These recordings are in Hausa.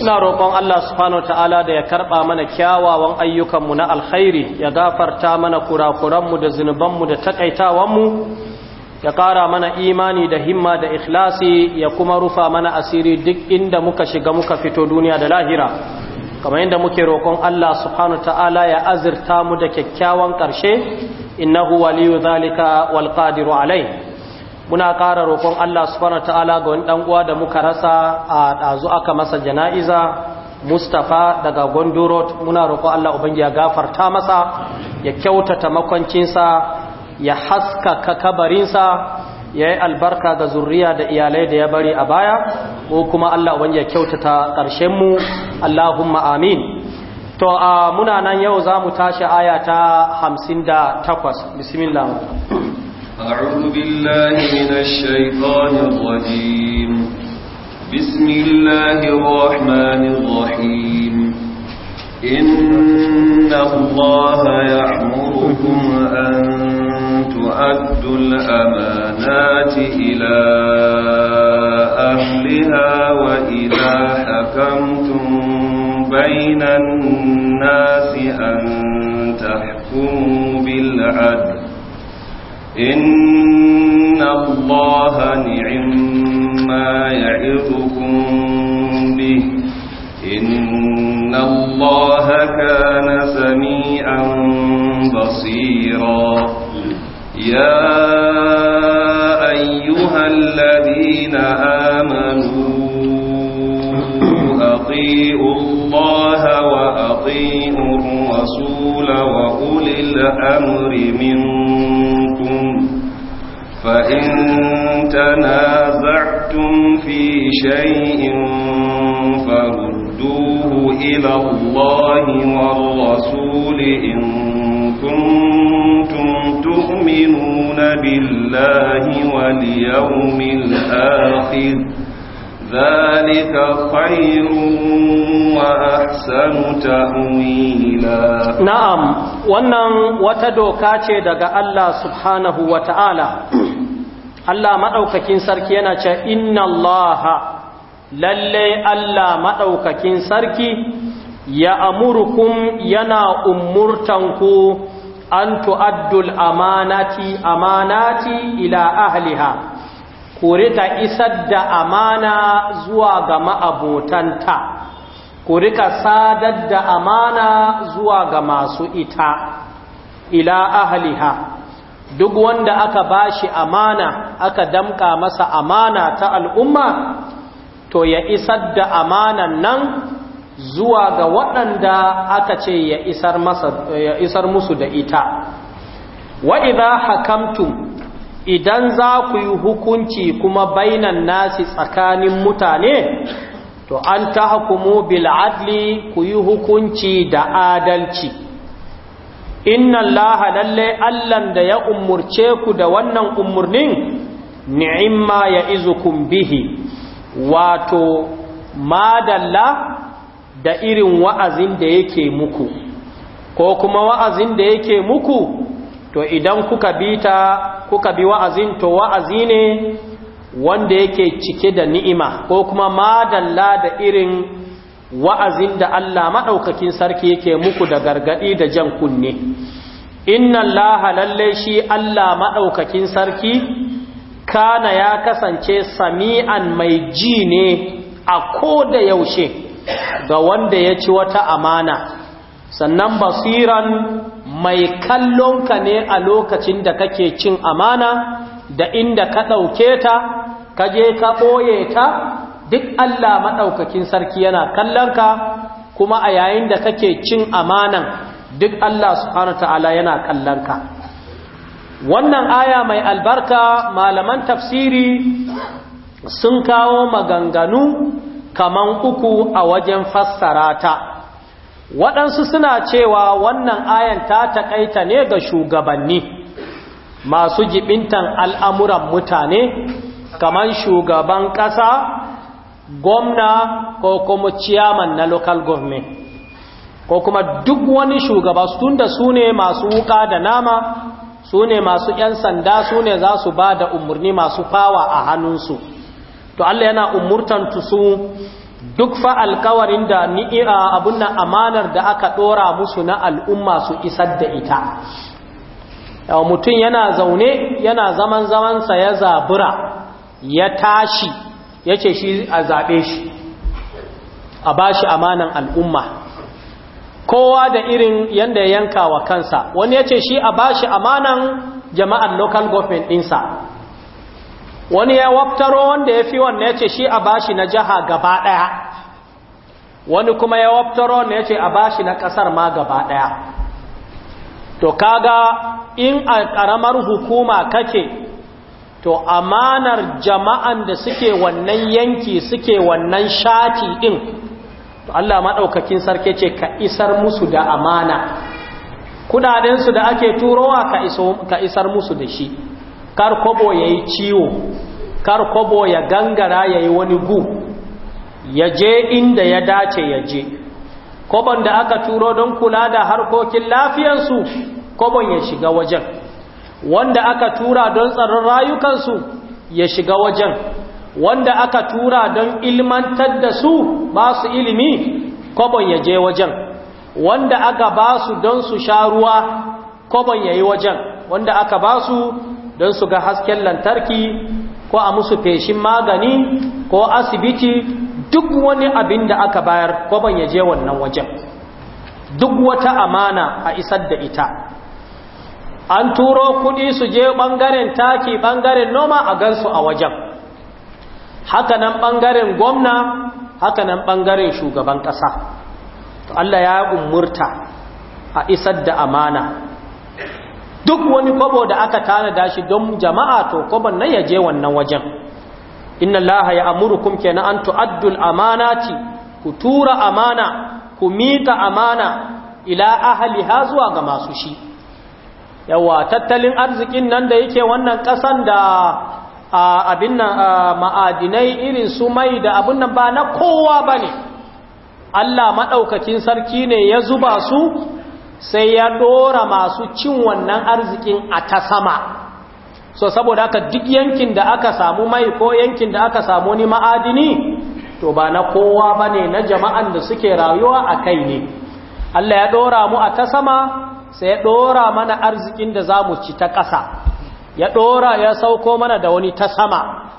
ina roƙon Allah subhanahu ta'ala da ya karɓa mana kyawawan ayyukanmu na alkhairi ya gafarta mana kurakuranmu da zunubanmu da takaitawanmu ya ƙara mana imani da himma da ikhlasi ya kuma rufa mana asiri duk inda muka shiga muka fito duniya da lahira kamar yadda muke roƙon Allah subhanahu ta'ala ya azirta mu da kyakkyawan ƙarshe innahu waliyu zalika wal qadiru alai muna ƙara roƙon Allah subhanahu ta'ala ga wani ɗan'uwa da muka rasa a ɗazu aka masa jana'iza Mustapha daga Gondo Road muna roƙon Allah ubangi ya gafarta masa ya kyautata makwancinsa ya haskaka kabarinsa ya yi albarka ga zurriya da iyalai da ya bari a baya ko kuma Allah ubangi ya kyautata ƙarshenmu Allahumma amin to a muna nan yau za mu tashi aya ta 58 bismillah أعوذ بالله من الشيطان الرجيم بسم الله الرحمن الرحيم إن الله يعمركم أن تؤدوا الأمانات إلى أهلها وإذا حكمتم بين الناس أن تحكموا بالعدل إن الله نعم ما يعظكم به إن الله كان سميعا بصيرا يا أيها الذين آمنوا أطيعوا الله وأطيعوا الرسول وأولي الأمر منكم فإن تنازعتم في شيء فردوه إلى الله والرسول إن كنتم تؤمنون بالله واليوم الآخر ذلك خير وأحسن تأويلا نعم wannan wata doka ce daga Allah subhanahu wa ta'ala Allah maɗaukakin sarki yana ce inna Allah lallai Allah maɗaukakin sarki ya kum yana umurtanku an tu'addul amanati amanati ila ahliha ku rika isar da amana zuwa ga ma'abotanta ku rika sadar da amana zuwa ga masu ita ila ahliha duk wanda aka bashi amana aka damka masa amana ta al'umma to ya isar da amanan nan zuwa ga waɗanda aka ce ya isar, masa, ya isar musu da ita wa hakamtu idan za ku yi hukunci kuma bainan nasi tsakanin mutane to an ta hukumu bil'adli ku yi hukunci da adalci inna allaha lalle allan da ya umurce ku da wannan umurnin ni'imma ya izukum bihi wato madalla da irin wa'azin da yake muku ko kuma wa'azin da yake muku to idan kuka bi ta kuka bi wa'azin to wa'azi ne wanda yake cike da ni'ima ko kuma madalla da irin wa'azin da Allah maɗaukakin sarki yake muku da gargaɗi da jan kunne inna Allah lalle shi Allah maɗaukakin sarki kana ya kasance sami'an mai ji ne a ko da yaushe ga wanda ya ci wata amana sannan basiran mai kallon ka ne a lokacin da kake cin amana da inda ka ɗauke ta ka je ka ɓoye ta duk Allah maɗaukakin sarki yana kallon ka kuma a yayin da kake cin amanan duk Allah subhanahu ta'ala yana kallon ka wannan aya mai albarka malaman tafsiri sun kawo maganganu kaman uku a wajen fassara ta waɗansu suna cewa wannan ayan ta taƙaita ne ga shugabanni masu jibintan al'amuran mutane kaman shugaban ƙasa gwamna ko kuma ciyaman na local government ko kuma duk wani shugaba tun da su ne masu wuka da nama su ne masu 'yan sanda su ne za su ba da umarni masu fawa a hannunsu to Allah yana umurtan su duk fa alkawarin da ni'ira abun na amanar da aka ɗora musu na al'umma su isar da ita mutum yana zaune yana zaman zamansa ya zabura ya tashi Yace ce shi a zaɓe shi a ba shi amanan al'umma kowa da irin yadda ya yanka wa kansa wani ya ce shi a ba shi amanan jama'an local government ɗinsa wani ya waftaro wanda ya fi wannan ya shi a ba shi na jiha gaba ɗaya wani kuma ya waftaro wanda ya a ba shi na ƙasar ma gaba ɗaya to kaga in a ƙaramar hukuma kake to amanar jama'an da suke wannan yanki suke wannan shati ɗin to Allah maɗaukakin sarki ce ka isar musu da amana kudadensu da ake turowa ka isar musu da shi kar kobo ya yi ciwo kar kobo ya gangara ya yi wani gu ya je inda ya dace ya je kobon da aka turo don kula da harkokin lafiyansu kobon ya shiga wajen wanda aka tura don tsaron rayukansu ya shiga wajen wanda aka tura don ilmantar da su ba su ilimi kwabon ya je wajen wanda aka ba su don su sha ruwa kwabon ya yi wajen wanda aka ba su don su ga hasken lantarki ko a musu feshin magani ko asibiti duk wani abin da aka bayar kwabon ya je wannan wajen duk wata amana a isar da ita an turo kuɗi su je ɓangaren taki ɓangaren noma a gansu a wajen haka nan ɓangaren gwamna haka nan ɓangaren shugaban ƙasa to Allah ya umurta a isar da amana duk wani kwabo da aka tanada shi don jama'a to kwabon nan ya je wannan wajen inna Laha ya amurukum kenan an tu'addul amanati ku tura amana ku mika amana ila ahliha zuwa ga masu shi yawa tattalin arzikin nan da yake wannan ƙasan da abin nan ma'adinai irin su mai da abin nan ba na kowa ba ne Allah maɗaukakin sarki ne ya zuba su sai ya ɗora masu cin wannan arzikin a ta sama so saboda haka duk yankin da aka samu mai ko yankin da aka samu ni ma'adini to ba na kowa ba ne na jama'an da suke rayuwa a kai ne Allah ya ɗora mu a ta sama sai ya ɗora mana arzikin da za mu ci ta ƙasa ya ɗora ya sauko mana da wani ta sama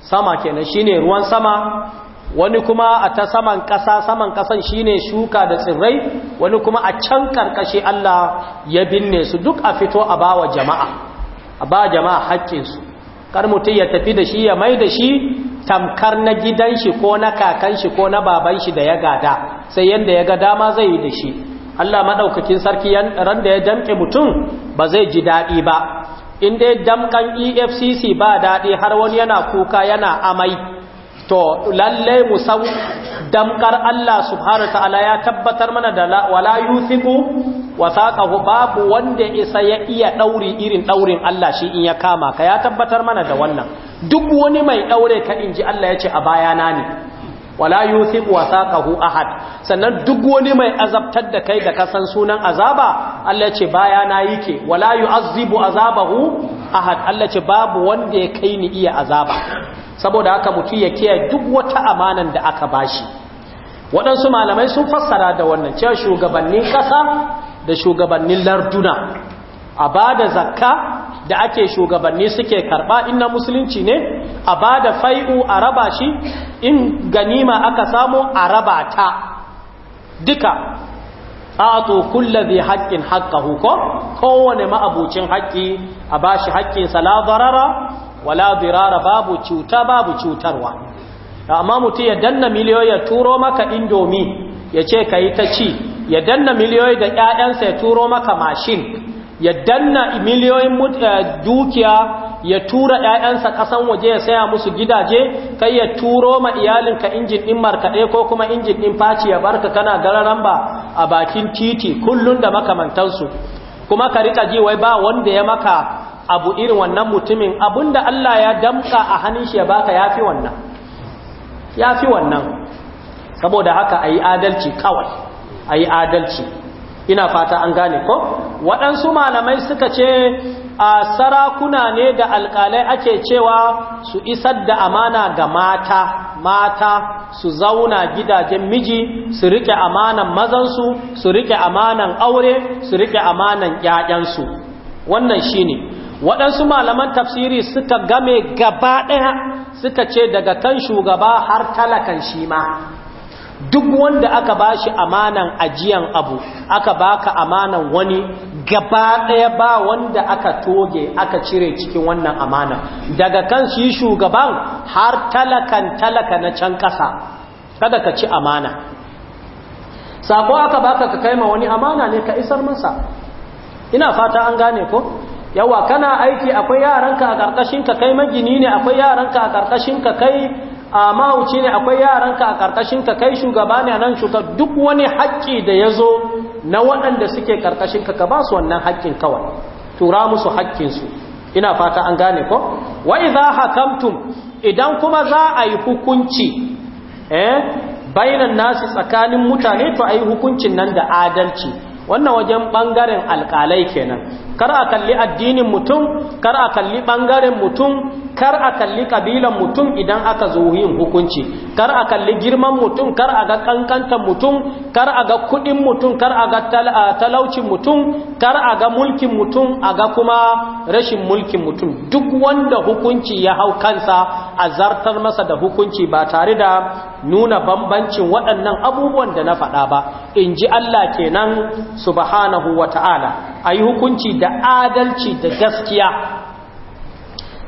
sama kenan shine ruwan sama wani kuma a ta saman ƙasa saman ƙasan shine shuka da tsirrai wani kuma a can ƙarƙashi Allah ya binne su duk a fito a bawa jama'a a ba jama'a haƙƙinsu kar mutum ya tafi da shi ya mai da shi tamkar na gidanshi ko na kakanshi ko na babanshi da ya gada sai yadda ya ga dama zai yi da shi Allah maɗaukakin sarki ran da ya damke mutum ba zai ji daɗi ba in dai damƙan efcc ba daɗi har wani yana kuka yana amai to lallai musau damƙar Allah subhanahu ta'ala ya tabbatar mana da wala wa saqahu babu wanda isa ya iya ɗauri irin ɗaurin Allah shi in ya kama ka ya tabbatar mana da wannan duk wani mai ɗaure ka inji Allah ya ce a bayana ne wala yuthiq wasaqahu ahad sannan duk wani mai azabtar da kai da kasan sunan azaba Allah ce baya na yike wala yu'azzibu azabahu ahad Allah ce babu wanda ya kai ni iya azaba saboda haka mutum ya kiyaye duk wata amanan da aka bashi waɗansu malamai sun fassara da wannan cewa shugabannin ƙasa da shugabannin larduna a ba da zakka da ake shugabanni suke karba in na musulunci ne a ba da fai'u a raba shi in ganima aka samu a raba ta duka a'atu kullazi haƙƙin haƙƙa ko kowane ma'abucin haƙƙi a bashi haƙƙin sa la wala babu cuta babu cutarwa amma mutum ya danna miliyoyi ya turo maka indomi ya ce ka yi ta ci ya danna miliyoyi da 'ya'yansa ya turo maka mashin ya danna miliyoyin eh, dukiya ya tura ‘ya'yansa ƙasan waje ya saya musu gidaje kai ya turo ma iyalinka injin ɗin markaɗe ko kuma injin ɗin faci ya barka kana gararan ba a bakin titi kullum da makamantansu kuma ka riƙa ji wai ba wanda ya maka abu irin wannan mutumin abun da Allah ya damka a hannun shi ya baka fi wannan fi wannan saboda haka ayi adalci kawai ayi adalci ina fata an gane ko waɗansu malamai suka ce a sarakuna ne da alƙalai ake cewa su isar da amana ga mata mata su zauna gidajen miji su rike amanan mazansu su rike amanan aure su rike amanan ƴaƴansu wannan shine waɗansu malaman tafsiri suka game gaba ɗaya suka ce daga kan shugaba har talakan shi ma duk wanda aka ba shi amanan ajiyan abu aka baka amanan wani gaba ɗaya ba wanda aka toge aka cire cikin wannan amanan daga kan shi shugaban har talakan talaka na can ƙasa kada ka ci amana sako aka baka ka kai ma wani amana ne ka isar masa ina fata an gane ko yawa kana aiki akwai yaranka a karkashin ka kai magini ne akwai yaranka a karkashin ka kai a mahauci ne akwai yaranka a karkashin ka kai shugaba ne a nan shuka duk wani haƙƙi da ya zo na waɗanda suke karkashin ka ka ba su wannan haƙƙin kawai tura musu haƙƙinsu ina fata an gane ko wa idza hakamtum idan kuma za a yi hukunci eh bayanan nasi tsakanin mutane to ayi hukuncin nan da adalci wannan wajen ɓangaren alƙalai kenan kar a kalli addinin mutum kar a kalli ɓangaren mutum kar a kalli ƙabilan mutum idan aka zo yin hukunci kar a kalli girman mutum kar a ga ƙanƙantar mutum kar a ga kuɗin mutum kar a ga talaucin mutum kar a ga mulkin mutum a ga kuma rashin mulkin mutum duk wanda hukunci ya hau kansa a zartar masa da hukunci ba tare da nuna bambancin waɗannan abubuwan da na faɗa ba in ji Allah ke kenan subhanahu wa ta'ala a yi hukunci da adalci da gaskiya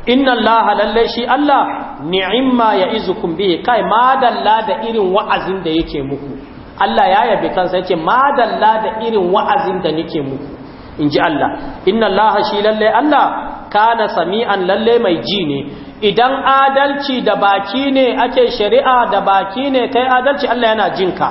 inna Allah lallai shi Allah ni'imma ya izukum biye kai madalla da irin wa'azin da yake muku Allah ya yabe kansa yake madalla da irin wa'azin da nake muku in ji Allah inna Allah shi lalle Allah kana sami'an lallai mai ji ne idan adalci da baki ne ake shari'a da baki ne kai adalci Allah yana jinka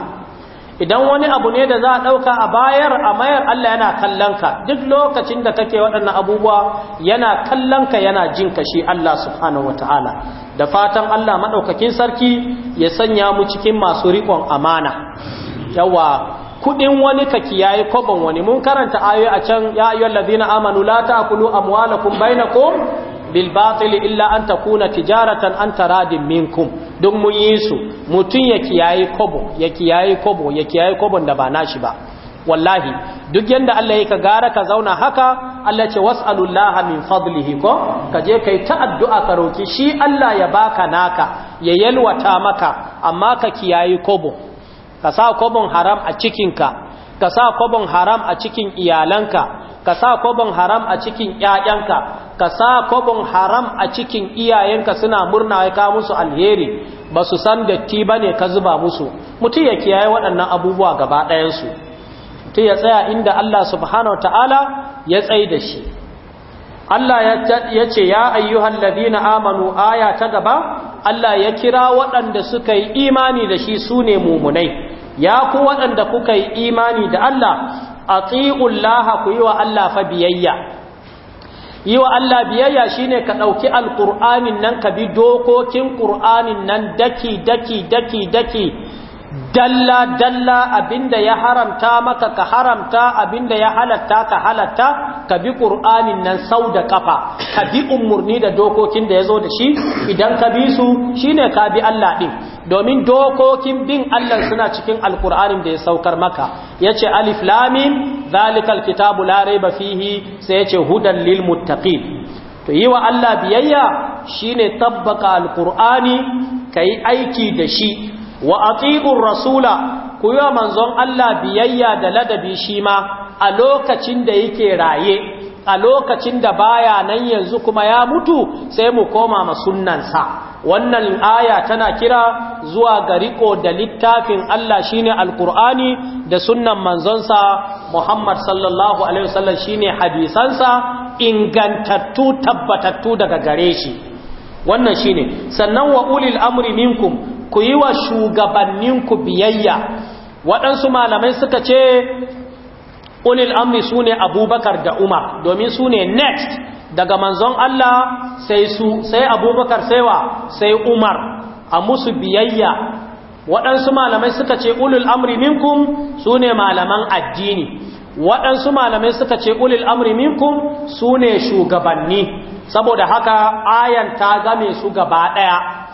idan wani abu ne da za a ɗauka a bayar a mayar Allah yana kallonka duk lokacin da kake waɗannan abubuwa yana kallonka yana jinka shi Allah subhanahu wataala da fatan Allah maɗaukakin sarki ya sanya mu cikin masu riƙon amana yawa kudin wani ka kiyaye koban wani mun karanta ayoyi a can ya ayyuhal ladina amanu la ta'kulu amwalakum bainakum bil illa an kuna tijaratan an taradin minkum duk mun yi su mutum ya kiyaye kobo ya kiyaye kobo ya kiyaye kobon da ba nashi ba wallahi duk yanda Allah ka gara ka zauna haka Allah ce was'alullaha min fadlihi ko je kai ta addu'a ka roki shi Allah ya baka naka ya yalwata maka amma ka kiyaye kobo ka sa kobon haram a cikinka ka sa kobon haram a cikin iyalanka ka sa kwabon haram a cikin 'ya'yanka. ka sa kwabon haram a cikin iyayenka suna murna ya kawo musu alheri ba su san datti ba ne ka zuba musu mutum ya kiyaye waɗannan abubuwa gaba ɗayansu mutum ya tsaya inda Allah subhanahu ta'ala ya tsai da shi Allah ya ce ya ayyuhan ladina amanu aya ta gaba Allah ya kira waɗanda suka yi imani da shi su ne mumunai ya ku waɗanda kuka yi imani da Allah Laha ku yi wa Allah fa biyayya yi wa Allah biyayya shine ka ɗauki alƙur'anin nan ka bi dokokin ƙur'anin nan daki daki daki daki dalla dalla abinda ya haramta maka ka haramta abinda ya halatta ka halatta ka bi qur'anin nan sau da kafa ka bi umurni da dokokin da yazo da shi idan ka bi su shine ka bi Allah din domin dokokin bin Allah suna cikin alqur'anin da ya saukar maka yace alif lam mim zalikal kitabu la raiba fihi sai yace hudan lil muttaqin to yi wa Allah biyayya shine tabbaka alqur'ani kai aiki da shi wa atiqur rasula ku yi wa manzon Allah biyayya da ladabi shi ma a lokacin da yake raye a lokacin da baya nan yanzu kuma ya mutu sai mu koma ma sunnansa wannan aya tana kira zuwa ga riko da littafin Allah shine alkur'ani da sunnan manzonsa Muhammad sallallahu alaihi wasallam shine hadisansa ingantattu tabbatattu daga gare shi wannan shine sannan wa ulil amri minkum ku yi wa shugabanninku biyayya waɗansu malamai suka ce ulil amri su ne abubakar da umar domin sune ne next daga manzon Allah sai su sai abubakar sai wa sai umar a musu biyayya waɗansu malamai suka ce ulul amri minkum su ne malaman addini waɗansu malamai suka ce ulil amri minkum su ne shugabanni saboda haka ayan ta game su gaba ɗaya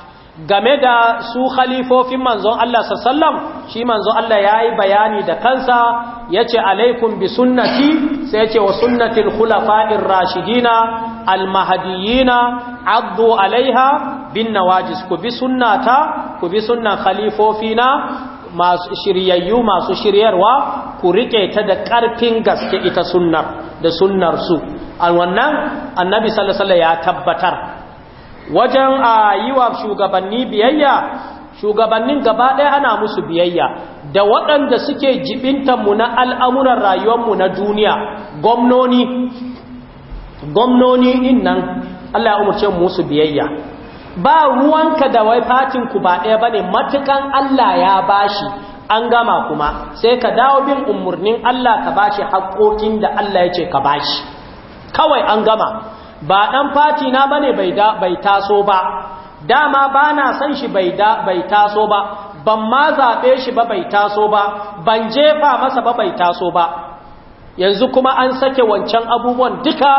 game da su khalifofin manzon Allah sallam shi manzon Allah ya yi bayani da kansa ya ce alaikum bi sunnati sai ya ce wa sunnatin khulafa'in rashidina almahadiyina abdu alaiha bin nawajis ku bi sunnata ku bi sunnan khalifofina masu shiryayyu masu shiryarwa ku riƙe ta da ƙarfin gaske ita sunnar da sunnarsu. su wannan annabi sallallahu ya tabbatar wajen a yi wa shugabanni biyayya shugabannin gaba ɗaya ana musu biyayya da waɗanda suke mu na al'amuran rayuwarmu na duniya gwamnoni gwamnoni in Allah ya umarce musu biyayya ba ruwanka da wai ku ba ɗaya ba ne matukan Allah ya bashi an gama kuma sai ka dawo bin umarnin Allah ka bashi haƙoƙin da Allah ya ce ka bashi kawai an gama ba ɗan fati na bane bai taso ba dama ba na san shi bai taso ba ban ma zaɓe shi ba bai taso ba ban jefa masa ba bai taso ba yanzu kuma an sake wancan abubuwan duka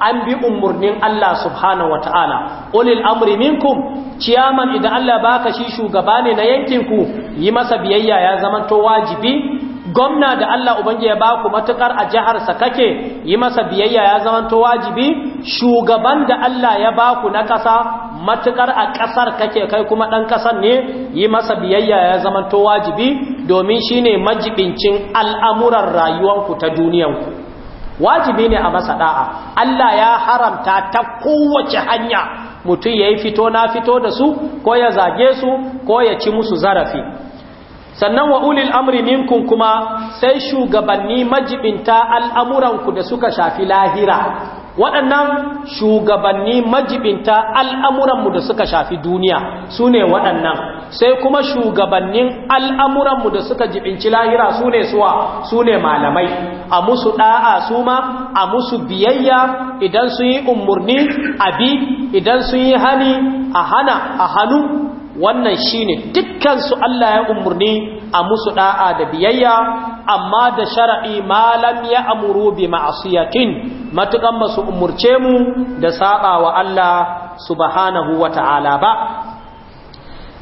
an bi umarnin Allah subhanahu wata'ala ulil amri minkum ciyaman idan Allah baka shi shugaba ne na yankin ku. yi masa biyayya ya zamanto wajibi gwamna da Allah ubangiji ya ba ku matukar a jiharsa kake yi masa biyayya ya zamanto wajibi shugaban da Allah ya ba ku na ƙasa matukar a ƙasar kake kai kuma ɗan ƙasar ne yi masa biyayya ya zamanto wajibi domin shine majibincin al'amuran rayuwanku ta duniyanku wajibi ne a masa da'a Allah ya haramta ta kowace hanya mutum ya yi fito na fito da su ko ya zage su ko ya ci musu zarafi sannan wa ulil amri minkum kuma sai shugabanni majibinta al'amuranku da suka shafi lahira waɗannan shugabanni majibinta al'amuranmu da suka shafi duniya su ne waɗannan sai kuma shugabannin al'amuranmu da suka jibinci lahira su ne suwa su ne malamai a musu ɗa'a su ma a musu biyayya idan su yi umarni abi idan su yi hani a hana a hannu wannan shine dukkansu Allah ya umurni a musu da'a da biyayya amma da shar'i malam ya amuru bi ma'asiyatin matukan basu umurce mu da saba wa Allah subhanahu wata'ala ba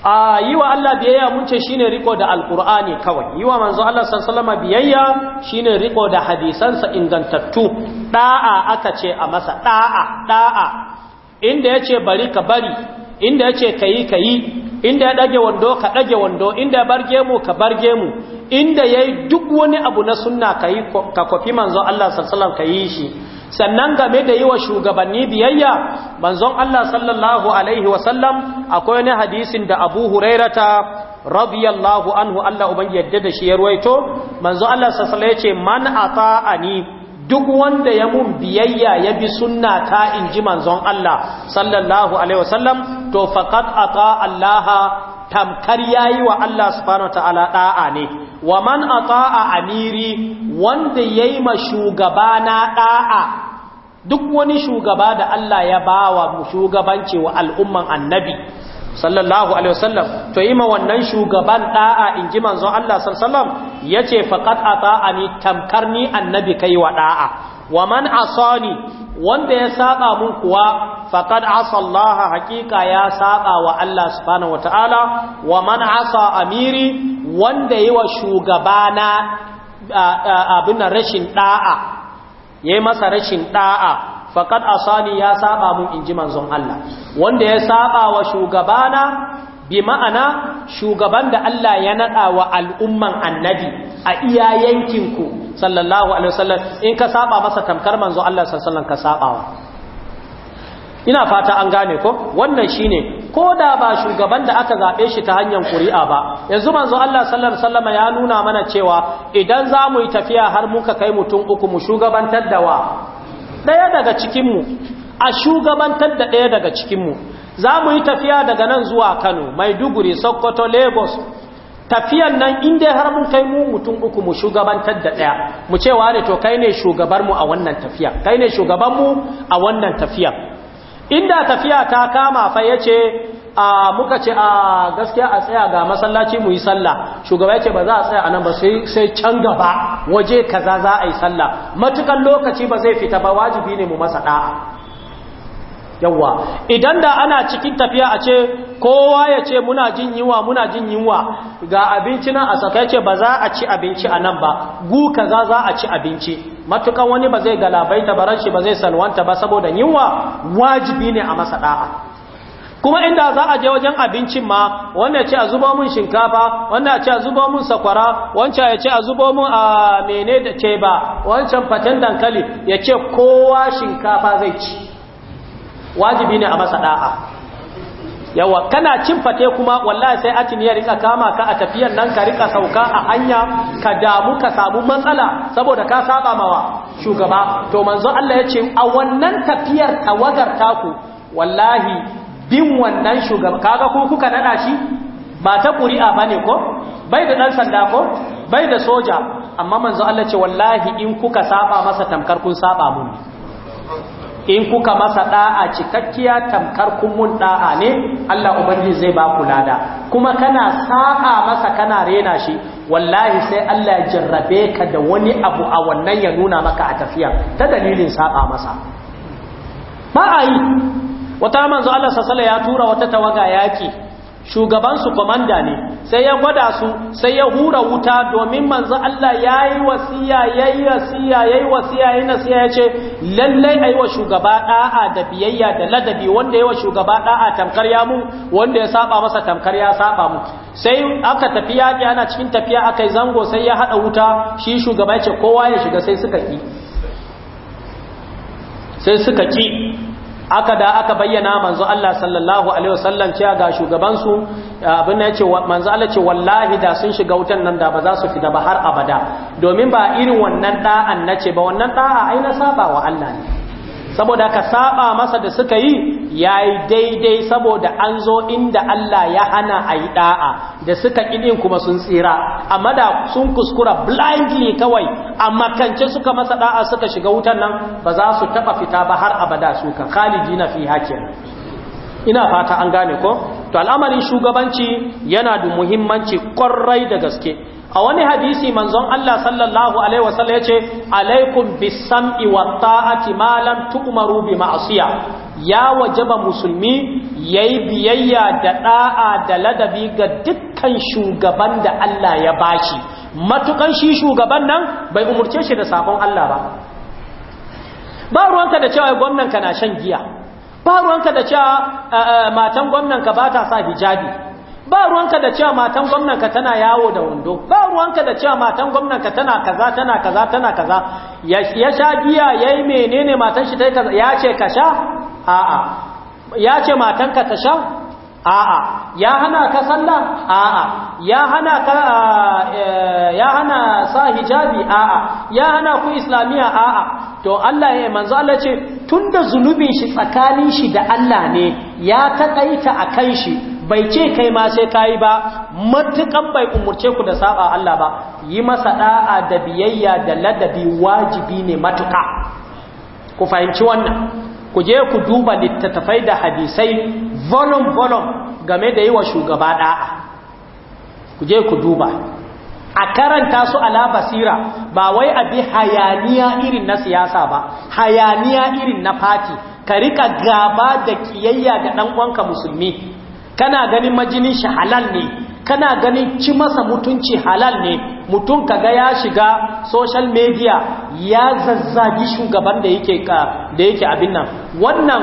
a yi wa Allah biyayya mun ce shine riko da alkur'ani kawai yi wa manzo Allah sallallahu biyayya shine riko da hadisansa ingantattu da'a aka ce a masa da'a da'a inda yace bari ka bari inda yace kayi kayi inda ya dage wando ka dage wando inda ya barge mu ka barge mu inda yayi duk wani abu na sunna kayi ka kofi manzo Allah sallallahu alaihi wasallam shi sannan game da yi wa shugabanni biyayya manzon Allah sallallahu alaihi wasallam akwai wani hadisin da Abu Hurairata radiyallahu anhu Allah ubangi yadda da shi ya ruwaito manzon Allah sallallahu alaihi wasallam yace man ata'ani duk wanda ya mun biyayya ya bi sunna ta in ji manzon Allah sallallahu alaihi wasallam to faqad ata Allah tamkar yayi wa Allah subhanahu ta'ala da'a ne wa man ata'a amiri wanda yayi ma shugabana da'a duk wani shugaba da Allah ya bawa shugabanci wa al'umman annabi sallallahu alaihi wasallam to yi ma wannan shugaban da'a inji manzon Allah sallallahu ya ce faqat ata'ani tamkar ni annabi kai wa da'a wa man asani wanda ya saba mun kuwa faqad asa Allah haqiqa ya saba wa Allah subhanahu wataala wa man asa amiri wanda yi wa shugabana abin rashin da'a yayi masa rashin da'a faqad asani ya saba mun inji manzon Allah wanda ya saba wa shugabana bi ma'ana shugaban da Allah ya naɗa wa al'umman annabi a iya yankin ku sallallahu alaihi wasallam in ka saba masa tamkar manzon Allah sallallahu ka ina fata an gane ko wannan shine ko da ba shugaban da aka zaɓe shi ta hanyar ƙuri'a ba yanzu manzo Allah sallallahu ya nuna mana cewa idan za mu yi tafiya har muka kai mutum uku mu shugabantar da wa ɗaya daga cikinmu a shugabantar da ɗaya daga cikinmu za mu yi tafiya daga nan zuwa kano maiduguri sokoto lagos tafiyan nan inda har mun kai mu mutum uku mu shugabantar da ɗaya mu cewa ne to kai ne shugabarmu a wannan tafiya kai ne shugabanmu a wannan tafiya inda tafiya ta kama fa ce. a muka ce a gaskiya a tsaya ga masallaci mu yi sallah shugaba yake ba za a tsaya anan ba sai can gaba waje kaza za a yi sallah matukan lokaci ba zai fita ba wajibi ne mu masa da'a yawa idan da ana cikin tafiya a ce kowa ya ce muna jin yinwa muna jin yinwa ga abinci nan a saka yake ba za a ci abinci a nan ba gu kaza za a ci abinci matukan wani ba zai galabaita baran shi ba zai salwanta ba saboda yinwa wajibi ne a masa da'a kuma inda za a je wajen abincin ma wanda ce a zubo mun shinkafa wanda ce a zubo mun sakwara wancan ya ce a zubo mun a mene da ce ba wancan faten dankali ya ce kowa shinkafa zai ci wajibi ne a masa da'a yawa kana cin fate kuma wallahi sai atin ya rika kama ka a tafiyar nan ka rika sauka a hanya ka damu ka samu matsala saboda ka saba mawa shugaba to manzo Allah ya ce a wannan tafiyar tawagar taku wallahi bin wannan shugaba kaga ko kuka nada shi ba ta ƙuri'a bane ne ko bai da ɗan sanda ko bai da soja amma manzo Allah ce wallahi in kuka saba masa tamkar kun saba mun in kuka masa da'a cikakkiya tamkar kun mun da'a ne Allah ubangi zai ba ku lada kuma kana sa'a masa kana rena shi wallahi sai Allah ya jarrabe ka da wani abu a wannan ya nuna maka a tafiya ta dalilin saba masa ba a yi wata manzo Allah sassala ya tura wata tawaga yaki su komanda ne sai ya gwada su sai ya hura wuta domin manzo Allah ya wasiya ya wasiya ya wasiya ya nasiya ya ce lallai a yi wa shugaba ɗa'a da biyayya da ladabi wanda ya wa shugaba ɗa'a tamkar ya mu wanda ya saba masa tamkar ya saba mu sai aka tafi yaƙi ana cikin tafiya akai kai zango sai ya haɗa wuta shi shugaba ya kowa ya shiga sai suka ki sai suka ki aka da aka bayyana manzo Allah sallallahu alaihi wasallam cewa ga shugabansu abin da ce manzo Allah ce wallahi da sun shiga wutan nan da ba za su fita ba har abada domin ba irin wannan da'an nace ba wannan da'a ai na saba wa Allah ne saboda ka saba masa da suka yi ya yi daidai saboda an zo inda Allah ya hana a yi da'a da suka kidin kuma sun tsira amma da sun kuskura blindly kawai amma kance suka masa da'a suka shiga wutan nan ba za su taɓa fita ba har abada su kan khalidina fi hakin ina fata an gane ko to al'amarin shugabanci yana da muhimmanci kwarai da gaske a wani hadisi manzon Allah sallallahu alaihi wasallam yace alaikum bis-sam'i wat-ta'ati ma lam tu'maru bi ma'siya ya wajaba musulmi yayi biyayya da da'a da ladabi ga dukkan shugaban da Allah ya bashi matukan shi shugaban nan bai umurce shi da sabon Allah ba ba ruwanka da cewa gwamnan ka na shan giya ba ruwanka da cewa eh, eh, matan gwamnanka ka ba ta sa hijabi ba ruwanka da cewa matan gwamnanka tana yawo da wando ba ruwanka da cewa matan gwamnanka tana kaza tana kaza tana kaza ya sha giya yayi menene matan shi tai kaza ya ce ka sha a'a ya ce matanka ta sha a'a ya hana ka sallah a'a ya hana ka e, ya hana sa hijabi a'a ya hana ku islamiya a'a to Allah ya manzo Allah ce tunda zunubin shi tsakanin shi da Allah ne ya takaita akan shi bai ce kai ma sai kayi ba matukan bai umurce ku da saba Allah ba yi masa ɗa'a da biyayya da ladabi wajibi ne matuka ku fahimci wannan ku je ku duba littattafai da hadisai volume volume game da yi wa shugaba da'a ku je ku duba a karanta su ala basira ba wai a bi hayaniya irin na siyasa ba hayaniya irin na fati ka rika gaba da kiyayya ga ɗan uwanka musulmi kana ganin majinin shi halal ne kana ganin ci masa mutunci halal ne mutum kaga ya shiga social media ya zazzagi shugaban da yake ka da yake abin nan wannan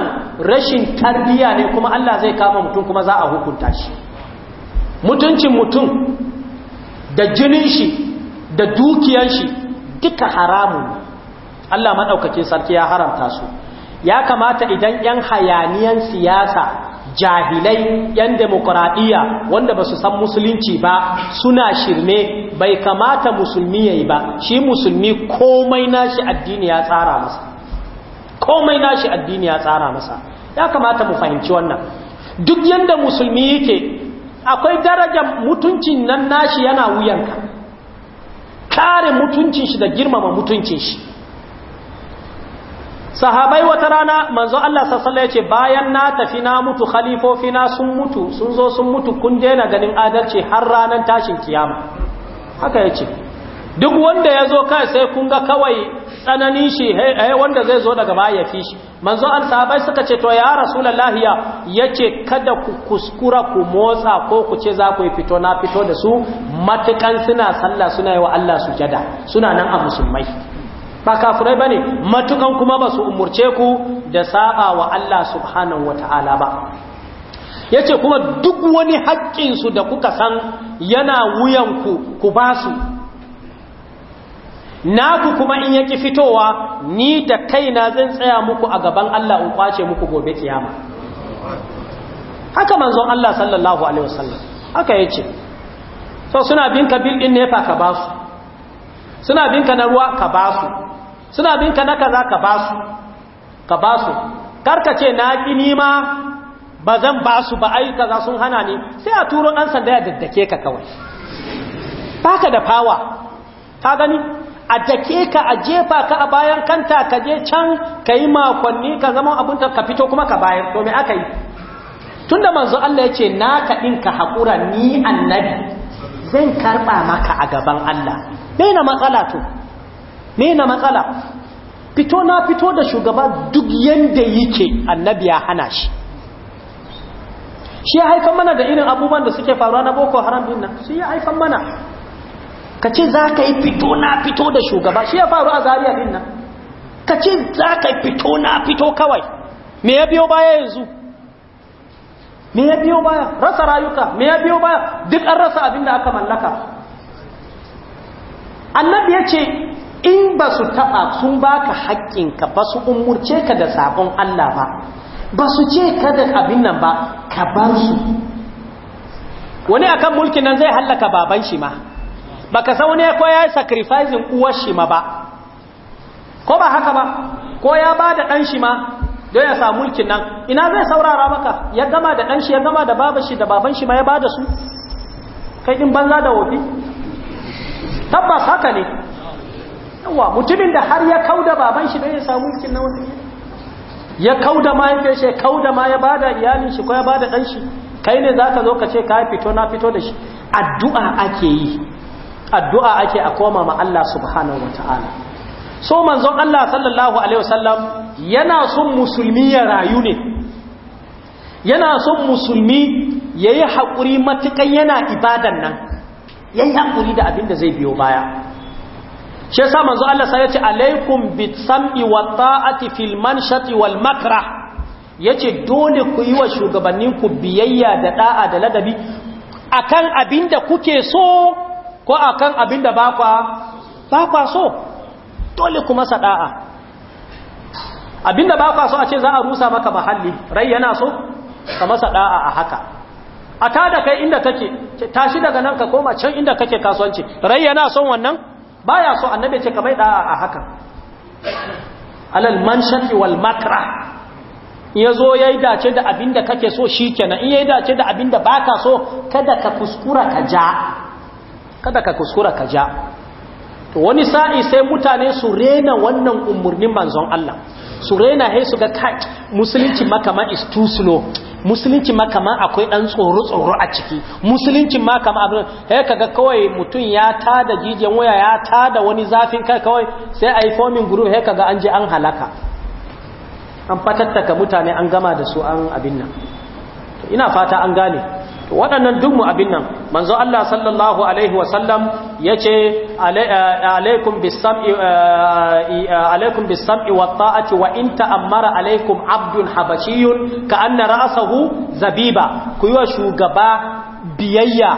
rashin tarbiya ne kuma Allah zai kama mutum kuma za a hukunta shi mutuncin mutum da jinin shi da dukiyar shi duka haramun Allah madaukakin sarki ya haramta su ya kamata idan yan hayaniyan siyasa jahilai yan demokuraɗiyya wanda ba su san musulunci ba suna shirme bai kamata musulmi ya yi ba shi musulmi komai nashi addini ya tsara masa komai nashi addini ya tsara masa ya kamata mu fahimci wannan duk yadda musulmi yake akwai darajar mutuncin nan nashi yana wuyanka kare mutuncin shi da girmama mutuncin shi sahabai wata rana manzo Allah sassalla ya ce bayan na tafi na mutu khalifofi na sun mutu sun zo sun mutu kun daina ganin adalci har ranar tashin kiyama haka ya duk wanda ya zo kai sai kun ga kawai tsananin shi eh, eh, wanda zai zo daga baya ya fi shi manzo an sahabai suka ce to ya rasulullahi ya yace kada ku kuskura ku motsa ko ku ce za ku yi fito na fito da su matukan suna sallah suna yi wa Allah sujada suna nan a musulmai ba kafirai bane matukan kuma ba su umurce ku da saba wa Allah subhanahu wataala ba yace kuma duk wani haƙƙin su da kuka san yana wuyan ku ku na ku kuma in yaki fitowa ni da kaina zan tsaya muku a gaban Allah in kwace muku gobe kiyama haka manzon Allah sallallahu alaihi wasallam haka yace so suna binka bil din ne fa ka su, suna binka na ruwa ka ba su. suna bin ka na kaza ka ba su ka ba su karka ce na ki nima ba zan ba su ba ai kaza sun hana ni sai a turo dan sanda ya daddake ka kawai baka da fawa ka gani a dake ka a jefa ka a bayan kanta ka je can ka yi makonni ka zama abin ta ka fito kuma ka bayan to aka yi tunda manzo Allah ya ce ka din ka hakura ni annabi zan karɓa maka a gaban Allah bai na matsala to ne na matsala fito na fito da shugaba duk yadda yake annabi ya hana shi shi ya haifan mana da irin abubuwan da suke faruwa na boko haram din nan shi ya haifan mana ka ce za ka yi fito na fito da shugaba shi ya faru a zariya din nan ka ce za ka yi fito na fito kawai me ya biyo baya yanzu me ya biyo baya rasa rayuka me ya biyo baya duk an rasa abin da aka mallaka annabi ya ce in ba su taɓa sun ba baka haƙƙinka ba su umurce ka da sabon Allah ba ba su ce ka da abin nan ba ka bar su wani akan mulkin nan zai hallaka baban shi ma ka sa wani ko ya yi sacrificing uwar shi ma ba ko ba haka ba ko ya ba da ɗan shi ma don ya sa mulkin nan ina zai saurara maka ya gama da ɗan shi ya gama da baban shi da baban shi ma ya ba da su kai in banza da wofi tabbas haka ne yawa mutumin da har ya kauda baban shi don ya samu mulkin na wani ya kauda ma yake shi kauda ma ya bada iyalin shi ko ya bada dan shi kai ne zaka zo ka ce ka fito na fito da shi addu'a ake yi addu'a ake a koma ma Allah subhanahu wataala so manzon Allah sallallahu alaihi wasallam yana son musulmi ya rayu ne yana son musulmi yayi hakuri matukan yana ibadan nan yayi hakuri da abin da zai biyo baya shi sa manzo Allah sai ce alaikum sam'i wa ta'ati fil manshati wal makra yace dole ku yi wa shugabannin ku biyayya da da'a da ladabi akan abinda kuke so ko akan abinda ba kwa ba kwa so dole ku masa da'a abinda ba kwa so a ce za a rusa maka mahalli rai yana so ka masa da'a a haka a da kai inda kake tashi daga nan ka koma can inda kake kasuwanci rai yana son wannan baya so annabi ce ka mai a haka alal manshati wal makra ya zo ya yi dace da abinda kake so shi kenan in ya yi dace da abinda baka so kada ka kuskura ka ja kada ka kuskura ka ja to wani sa'i sai mutane su rena wannan umarnin manzon Allah su rena sai su ga kai musulunci makama is too slow musulunci ma kama akwai ɗan tsoro-tsoro a ciki musulunci ma kama abin ya kaga kawai mutum ya tada jijiyan waya ya tada wani zafin kai kawai sai a yi fomin guru ya kaga an je an halaka an fatattaka mutane an gama da su an abin nan ina fata an gane waɗannan duk mu abin nan manzo Allah sallallahu alaihi sallam Ya ce, alaikun eh, alaikum bisam'i eh, eh, wa wa in ta'ammara alaikum abdun habashiyun ka na ra'asahu zabiba ku yi wa shugaba biyayya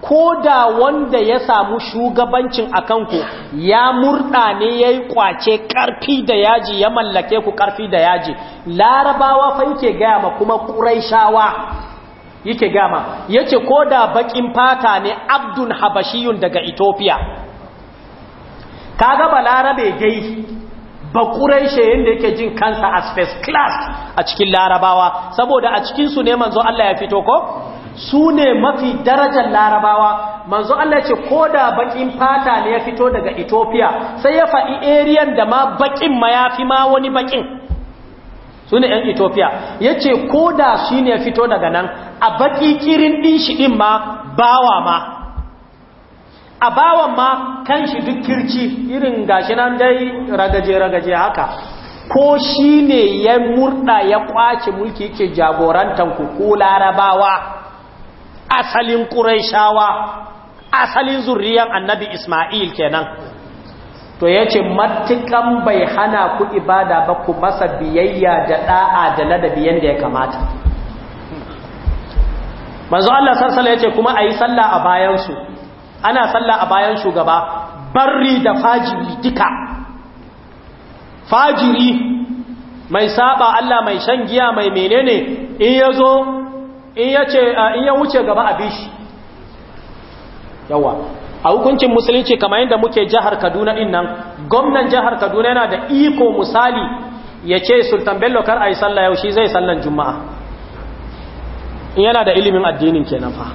ko da wanda ya samu shugabancin a kanku ya murɗa ne ya yi kwace ƙarfi da yaji ya mallake ku ƙarfi da yaji larabawa fa yake gaya ma kuma ƙurai shawa. yake gama yace ko da bakin fata ne abdun habashiyun daga ethiopia kaga balarabe gai bakurai shayin da yake jin kansa as first class a cikin larabawa saboda a cikinsu ne manzo Allah ya fito ko su ne mafi darajar larabawa manzo Allah ce ko da bakin fata ne ya fito daga ethiopia sai ya faɗi ariyan da ma bakin ma ya fi ma wani bakin su ne 'yan ethiopia ya ce ko da shi ne fito daga nan a baki kirin ɗin shi ɗin ma bawa ma a bawa ma kan shi duk kirci irin gashi nan dai ragaje-ragaje haka ko shi ne ya murda ya kwace mulki ke jagorantar ku larabawa asalin ƙurai shawa, asalin zurriyan annabi ismail kenan to yace ce matukan bai hana ku ibada ba ku masa biyayya da ɗa'a da ladabi yadda ya kamata manzo Allah sarsala ya ce kuma a yi sallah a bayansu ana sallah a bayan shugaba barri da fajiri duka fajiri mai saba Allah mai shan giya mai menene in ya zo in ya wuce gaba a shi? yawa a hukuncin musulunci kamar yadda muke jihar kaduna din nan gwamnan jihar kaduna yana da iko misali ya ce sultan bello kar a yi sallah yau shi zai sallan juma'a yana da ilimin addinin kenan fa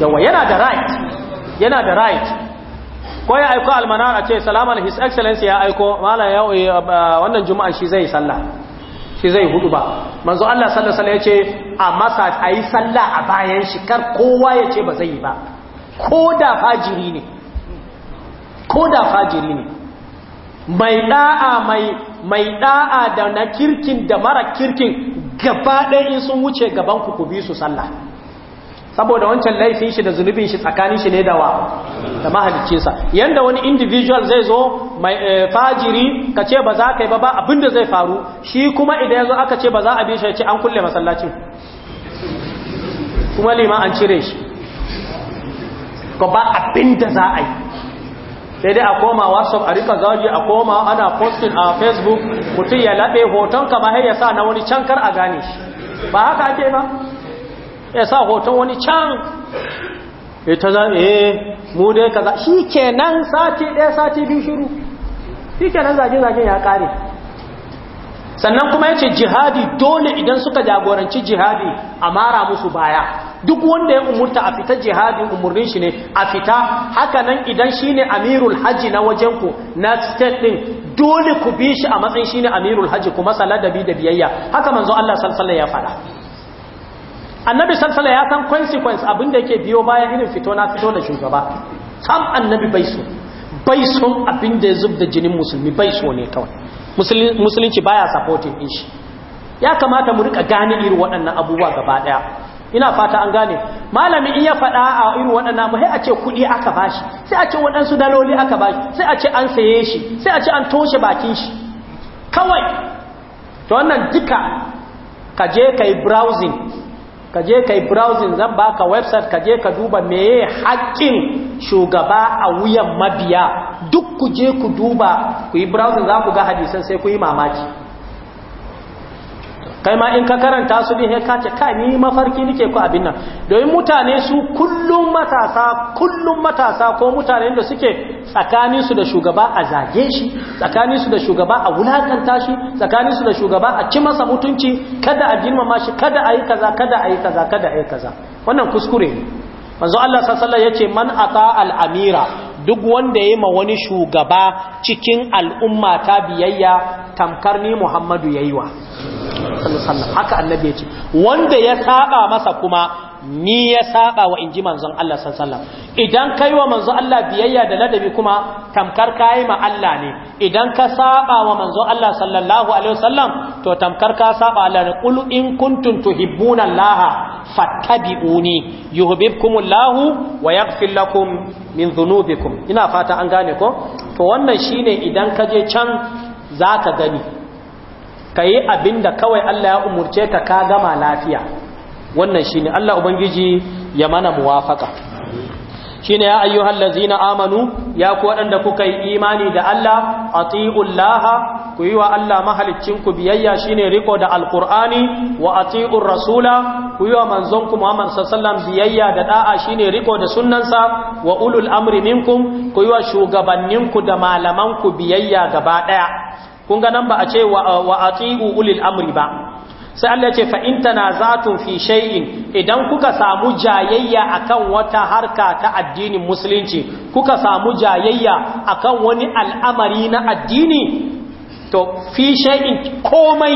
yawa yana da right yana da right ko ya aiko almanar a ce salaman his excellence ya aiko mala yau eh, eh, wannan juma'a shi zai sallah shi zai hudu ba manzo Allah sallallahu alaihi wasallam ya ce a masa ayi sallah a bayan shi kar kowa ya ce ba zai yi ba ko da fajiri ne ko fajiri ne mai da'a mai mai da'a da na kirkin da mara kirkin gaba ɗaya in sun wuce gaban ku ku bi su sallah saboda wancan laifin shi da zunubin shi tsakanin shi ne da wa da yanda wani individual zai zo mai eh, fajiri ka ce ba za ka yi ba ba abinda zai faru shi kuma idan ya zo aka ce ba za a bi shi ya ce an kulle masallacin kuma liman an cire shi ko ba abin da za a yi sai dai a koma whatsapp a rika zaji a koma ana posting a facebook mutum ya laɓe hoton ba har ya sa na wani can kar a gane shi ba haka ake ba ya sa hoton wani can ya ta za eh mu dai kaza shi kenan sati ɗaya sati biyu shiru shi kenan zage-zagen ya ƙare sannan kuma yace jihadi dole idan suka jagoranci jihadi a mara musu baya duk wanda ya umurta a fita jihadi umarnin shi ne a fita haka nan idan shine amirul haji na wajen ku na state din dole ku bi shi a matsayin shine amirul haji kuma saladabi da biyayya haka manzo Allah sallallahu ya faɗa annabi salsala ya san consequence abin da yake biyo bayan irin fito na fito da shugaba sam annabi bai so bai son abin ya zub da jinin musulmi bai so ne kawai musulunci baya supporting din shi ya kamata mu rika gane irin waɗannan abubuwa gaba daya ina fata an gane malami in ya faɗa a irin waɗannan mu sai a ce kuɗi aka bashi sai a ce waɗansu daloli aka bashi sai a ce an saye shi sai a ce an toshe bakin shi kawai to wannan duka ka je ka yi browsing ka je ka yi browsing zan baka website ka je ka duba meye haƙƙin shugaba a wuyan mabiya duk ku je ku duba ku yi browsing za ku ga hadisan sai ku yi mamaki kai ma in ka karanta su din ka ce kai ni mafarki nake ko abin nan domin mutane su kullum matasa kullum matasa ko mutane da suke tsakanin su da shugaba a zage shi tsakanin su da shugaba a wulakanta shi tsakanin su da shugaba a ci masa mutunci kada a girmama shi kada a yi kaza kada a yi kaza kada a yi kaza wannan kuskure ne manzo Allah sallallahu alaihi wasallam yace man ata al amira duk wanda ya ma wani shugaba cikin al'umma ta biyayya tamkar ni Muhammadu yi wa haka annabi ya ce wanda ya saba masa kuma ni ya saba wa inji manzon Allah sallallahu idan kai wa manzon Allah biyayya da ladabi kuma tamkar kai ma Allah ne idan ka saba wa manzon Allah sallallahu alaihi wasallam to tamkar ka saba Allah ne qul in kuntum tuhibbuna Allah fattabi'uni yuhibbukumullahu wa yaghfir lakum min dhunubikum ina fata an gane ko to wannan shine idan ka je can zaka gani kayi abinda kawai Allah ya umurce ka ka gama lafiya wannan shine Allah ubangiji ya mana muwafaka shine ya ayyuhal ladzina amanu ya ku wadanda kuka yi imani da Allah atiullaha ku yi wa Allah mahaliccin ku biyayya shine riko da alqur'ani wa atiur rasula ku yi wa manzon ku Muhammad sallallahu biyayya da da'a shine riko da sunnansa wa ulul amri minkum ku yi wa shugabannin ku da malaman ku biyayya gaba daya kun ga nan ba a ce wa atiu ulil amri ba sai Allah ce fa in tanazatun fi shay'in idan kuka samu jayayya akan wata harka ta addinin musulunci kuka samu jayayya akan wani al'amari na addini to fi shay'in komai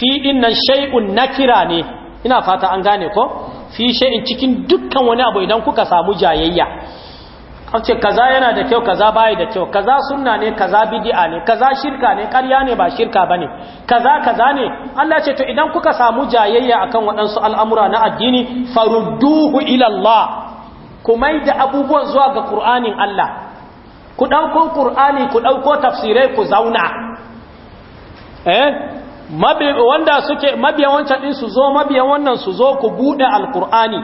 fi innan shay'un nakira ne ina fata an gane ko fi shay'in cikin dukkan wani abu idan kuka samu jayayya ce kaza yana da kyau kaza bai da kyau kaza sunna ne kaza bid'a ne kaza shirka ne ƙarya ne ba shirka bane kaza kaza ne Allah ce to idan kuka samu jayayya akan waɗansu al'amura na addini farudduhu ila Allah ku maida abubuwan zuwa ga Qur'anin Allah ku dauko Qur'ani ku dauko tafsirai ku zauna eh mabi wanda suke mabiyan wancan din su zo mabiyan wannan su zo ku bude al al-Qur'ani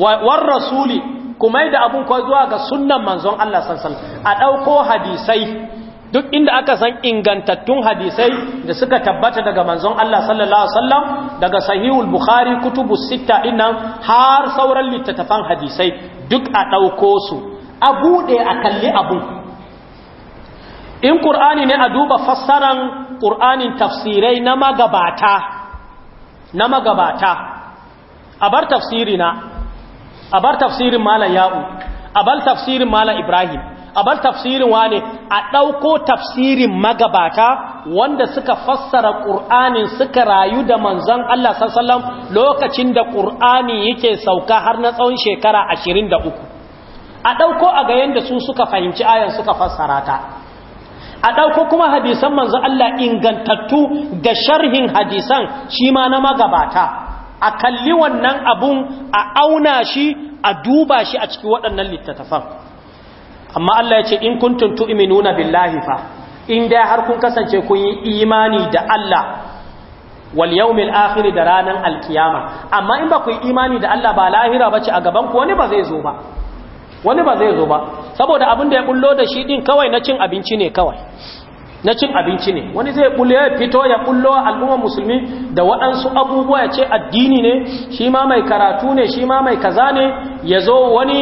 war rasuli kuma da abun kwa zuwa ga sunnan manzon Allah sansan a ɗauko hadisai duk inda aka san ingantattun hadisai da suka tabbata daga manzon Allah sallallahu alaihi wasallam daga sahihul bukhari kutubu sitta dinnan har sauran littattafan hadisai duk a ɗauko su a buɗe a kalli abu. in ƙur'ani ne a duba fassaran ƙur'anin tafsirai na magabata na magabata a bar tafsiri na. a bar tafsirin malam ya'u a bar tafsirin malam ibrahim a bar tafsirin wane a ɗauko tafsirin magabata wanda suka fassara ƙur'anin suka rayu da manzon Allah sassallam lokacin da ƙur'ani yake sauka har na tsawon shekara ashirin da uku. a ɗauko a ga yadda su suka fahimci ayan suka fassara ta a ɗauko kuma hadisan manzon Allah ingantattu da sharhin hadisan shi ma na magabata a kalli wannan abun a auna shi a duba shi a cikin waɗannan littattafan amma Allah ya ce in kuntum tu'minuna billahi fa in dai har kun kasance kun yi imani da Allah wal yawmil akhir da ranan alkiyama amma in ba ku yi imani da Allah ba lahira bace a gaban ku wani ba zai zo ba wani ba zai zo ba saboda abin da ya bullo da shi din kawai na cin abinci ne kawai na cin abinci ne wani zai bulle ya fito ya bullo al'ummar musulmi da waɗansu abubuwa ya ce addini ne shi ma mai karatu ne shi ma mai kaza ne ya zo wani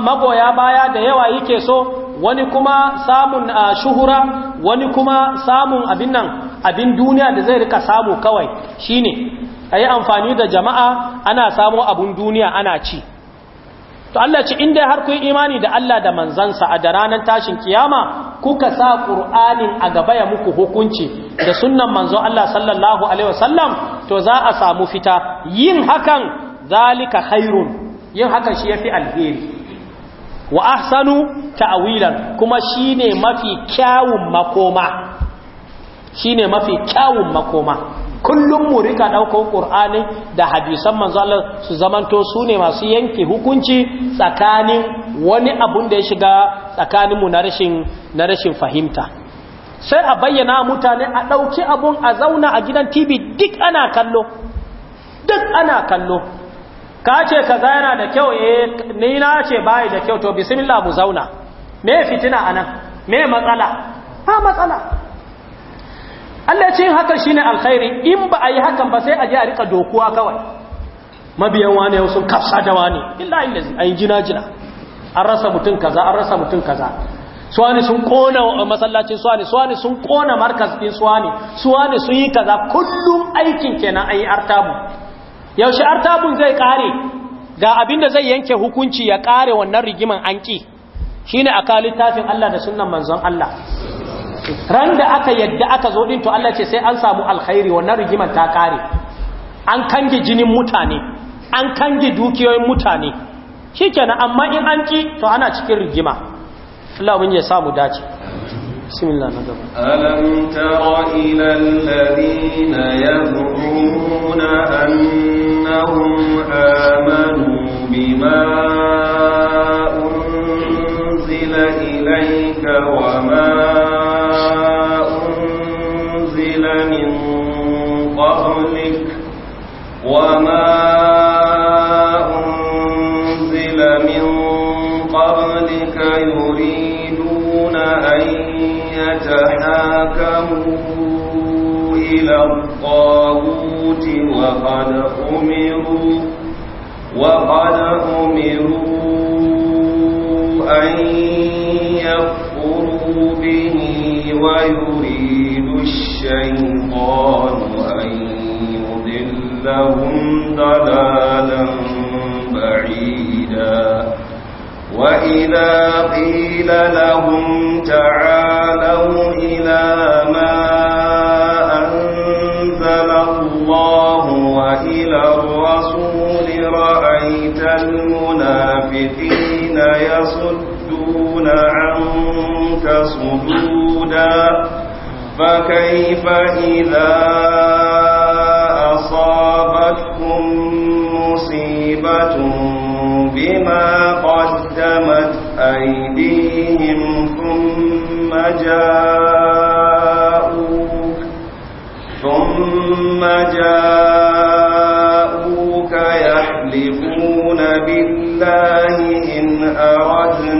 magoya baya da yawa yake so wani kuma samun shuhura wani kuma samun abin nan abin duniya da zai rika samu kawai shine a yi amfani da jama'a ana samo abun duniya ana ci to Allah ce inda har kun imani da Allah da manzansa a da ranar tashin kiyama kuka sa Qur'anin a gaba ya muku hukunci da sunnan manzon Allah sallallahu alaihi wasallam to za a samu fita yin hakan zalika khairun yin hakan shi yafi alheri wa ahsanu ta'wilan kuma shine mafi kyawun makoma shine mafi kyawun makoma kullum mu rika ɗaukar ƙur'ani da hadisan manzo Allah su zamanto su ne masu yanke hukunci tsakanin wani abun da ya shiga tsakaninmu na rashin na rashin fahimta sai a bayyana mutane a ɗauki abun a zauna a gidan tv duk ana kallo duk ana kallo ka ce kaza yana da kyau eh ni na ce bai da kyau to bismillah mu zauna me fitina anan me matsala ha matsala Allah ya ce haka shine alkhairi in ba a yi hakan ba sai a je a rika dokuwa kawai mabiyan wane sun kafsa da wane illa jina jina an rasa mutum kaza an rasa mutum kaza suwani sun kona uh, masallacin suwani suwani sun kona markas ɗin suwani suwani sun yi kaza kullum aikin kenan an yi artabu yaushe artabun zai kare ga abin da zai yanke hukunci ya kare wannan rigiman anki shine aka littafin Allah da sunnan manzon Allah ran da aka yadda aka zo din to Allah ce sai an samu alkhairi wannan rigiman ta kare an kange jinin mutane an kange dukiyoyin mutane shikenan amma in an ki to ana cikin rigima Allah mun ya samu dace بسم الله نجم ألم تر إلى الذين يدعون أنهم آمنوا بما أنزل وما أنزل من قبلك يريدون أن يتحاكموا إلى الطاغوت وقد أمروا وقد أمروا أن يكفروا به ويريد الشيطان أن لهم ضلالا بعيدا وإذا قيل لهم تعالوا إلى ما أنزل الله وإلى الرسول رأيت المنافقين يصدون عنك صدودا فكيف إذا أصابتكم مصيبة بما قدمت أيديهم ثم جاءوك ثم جاءوك يحلفون بالله إن أردنا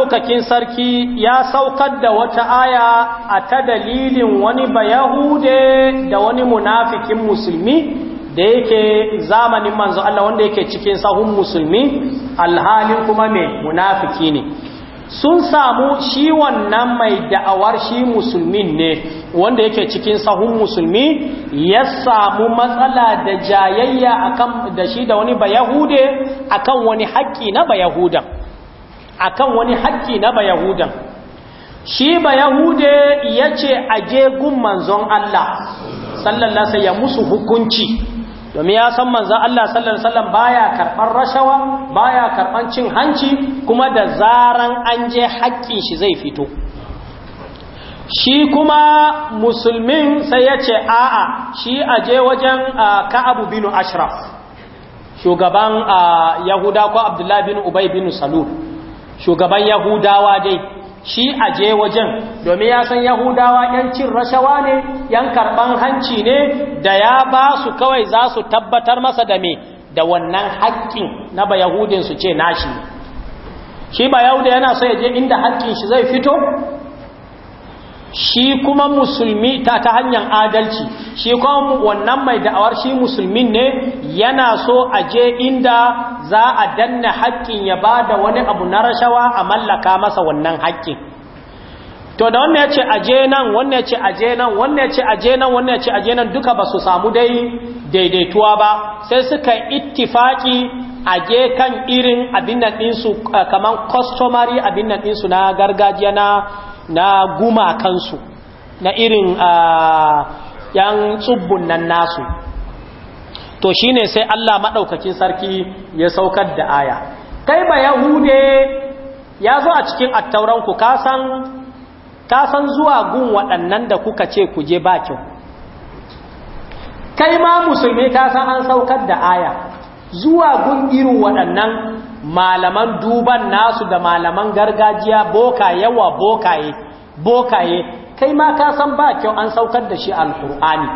maɗaukakin sarki ya saukar da wata aya a ta dalilin wani bayahude da wani munafikin musulmi da yake zamanin manzo Allah wanda yake cikin sahun musulmi alhalin kuma mai munafiki ne sun samu shi wannan mai da'awar shi musulmin ne wanda yake cikin sahun musulmi ya samu matsala da jayayya akan da shi da wani bayahude akan wani haƙƙi na bayahudan akan wani hakki na bayahudan shi bayahude ya ce aje gun manzon Allah sallallahu ya musu hukunci domin ya san manzon Allah sallallahu alaihi baya karban rashawa baya karban cin hanci kuma da zaran an je hakki shi zai fito shi kuma musulmin sai ya ce a'a shi aje wajen ka'abu binu ashraf shugaban yahuda ko abdullah bin ubay bin salul shugaban yahudawa dai shi aje wajen domin ya san yahudawa yan cin rashawa ne yan karban hanci ne da ya ba su kawai za su tabbatar masa da me da wannan haƙƙin na ba Yahudinsu ce nashi shi ba yahuda yana so ya je inda haƙƙin shi zai fito shi kuma musulmi ta ta hanyar adalci shi kuma wannan mai da'awar shi musulmin ne yana so a je inda za a danna haƙƙin ya ba da wani abu na rashawa a mallaka masa wannan haƙƙin to da wannan ya ce je nan wannan ya ce je nan wannan ya ce je nan wannan ya ce je nan duka ba su samu dai daidaituwa ba sai suka ittifaki a je kan irin abin nan ɗinsu kaman customary abin nan ɗinsu na gargajiya na na guma kansu na irin ah, yan tsubbun nan nasu to shi ne sai Allah maɗaukacin sarki ya saukar da aya kai ba hude ya zo a cikin attauranku kasan kasan zuwa gun waɗannan da kuka ce ku je bakin kai ma musulmi kasan an saukar da aya zuwa gun irin waɗannan malaman duban nasu da malaman gargajiya boka wa bokaye bokaye kai ma ka san ba kyau an saukar da shi alkur'ani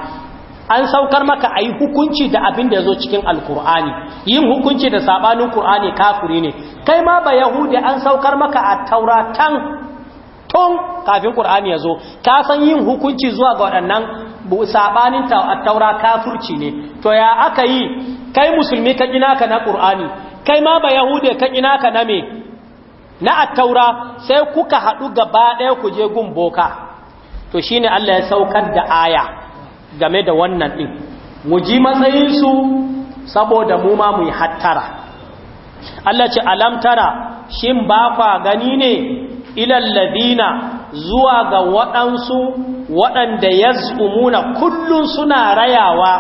an saukar maka ayi hukunci da abin da ya cikin alkur'ani yin hukunci da sabanin Ƙur'ani kafuri ne kai ma ba yahudi an saukar maka a tauratan tun kafin kur'ani ya zo ka san yin hukunci zuwa ga waɗannan sabanin taura kafurci ne to ya aka yi kai musulmi ka gina ka na ƙur'ani kai ma ba yahude ka ina ka na me na attaura sai kuka haɗu gaba ɗaya ku je gun boka to shine Allah ya saukar da aya game da wannan ɗin mu ji matsayinsu saboda mu ma mu yi hattara Allah ce alamtara shin ba kwa gani ne ilalladina zuwa ga waɗansu waɗanda ya zumuna kullum suna rayawa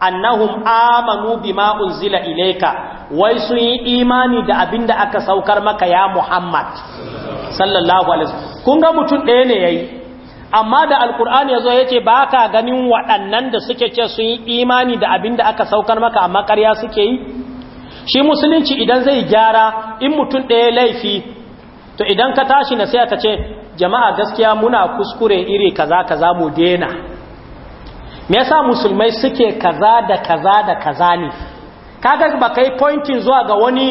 annahum amanu bima unzila ilaika wai sun yi imani da abin da aka saukar maka ya Muhammad sallallahu alaihi kun ga mutum ɗaya ne yayi amma da alkur'ani yazo yace ba ka ganin waɗannan da suke ce sun yi imani da abin da aka saukar maka amma ƙarya suke yi shi musulunci idan zai gyara in mutum ɗaya laifi to idan ka tashi na sai ka ce jama'a gaskiya muna kuskure iri kaza kaza mu dena me yasa musulmai suke kaza da kaza da kaza ne kaga ba kai pointing zuwa ga wani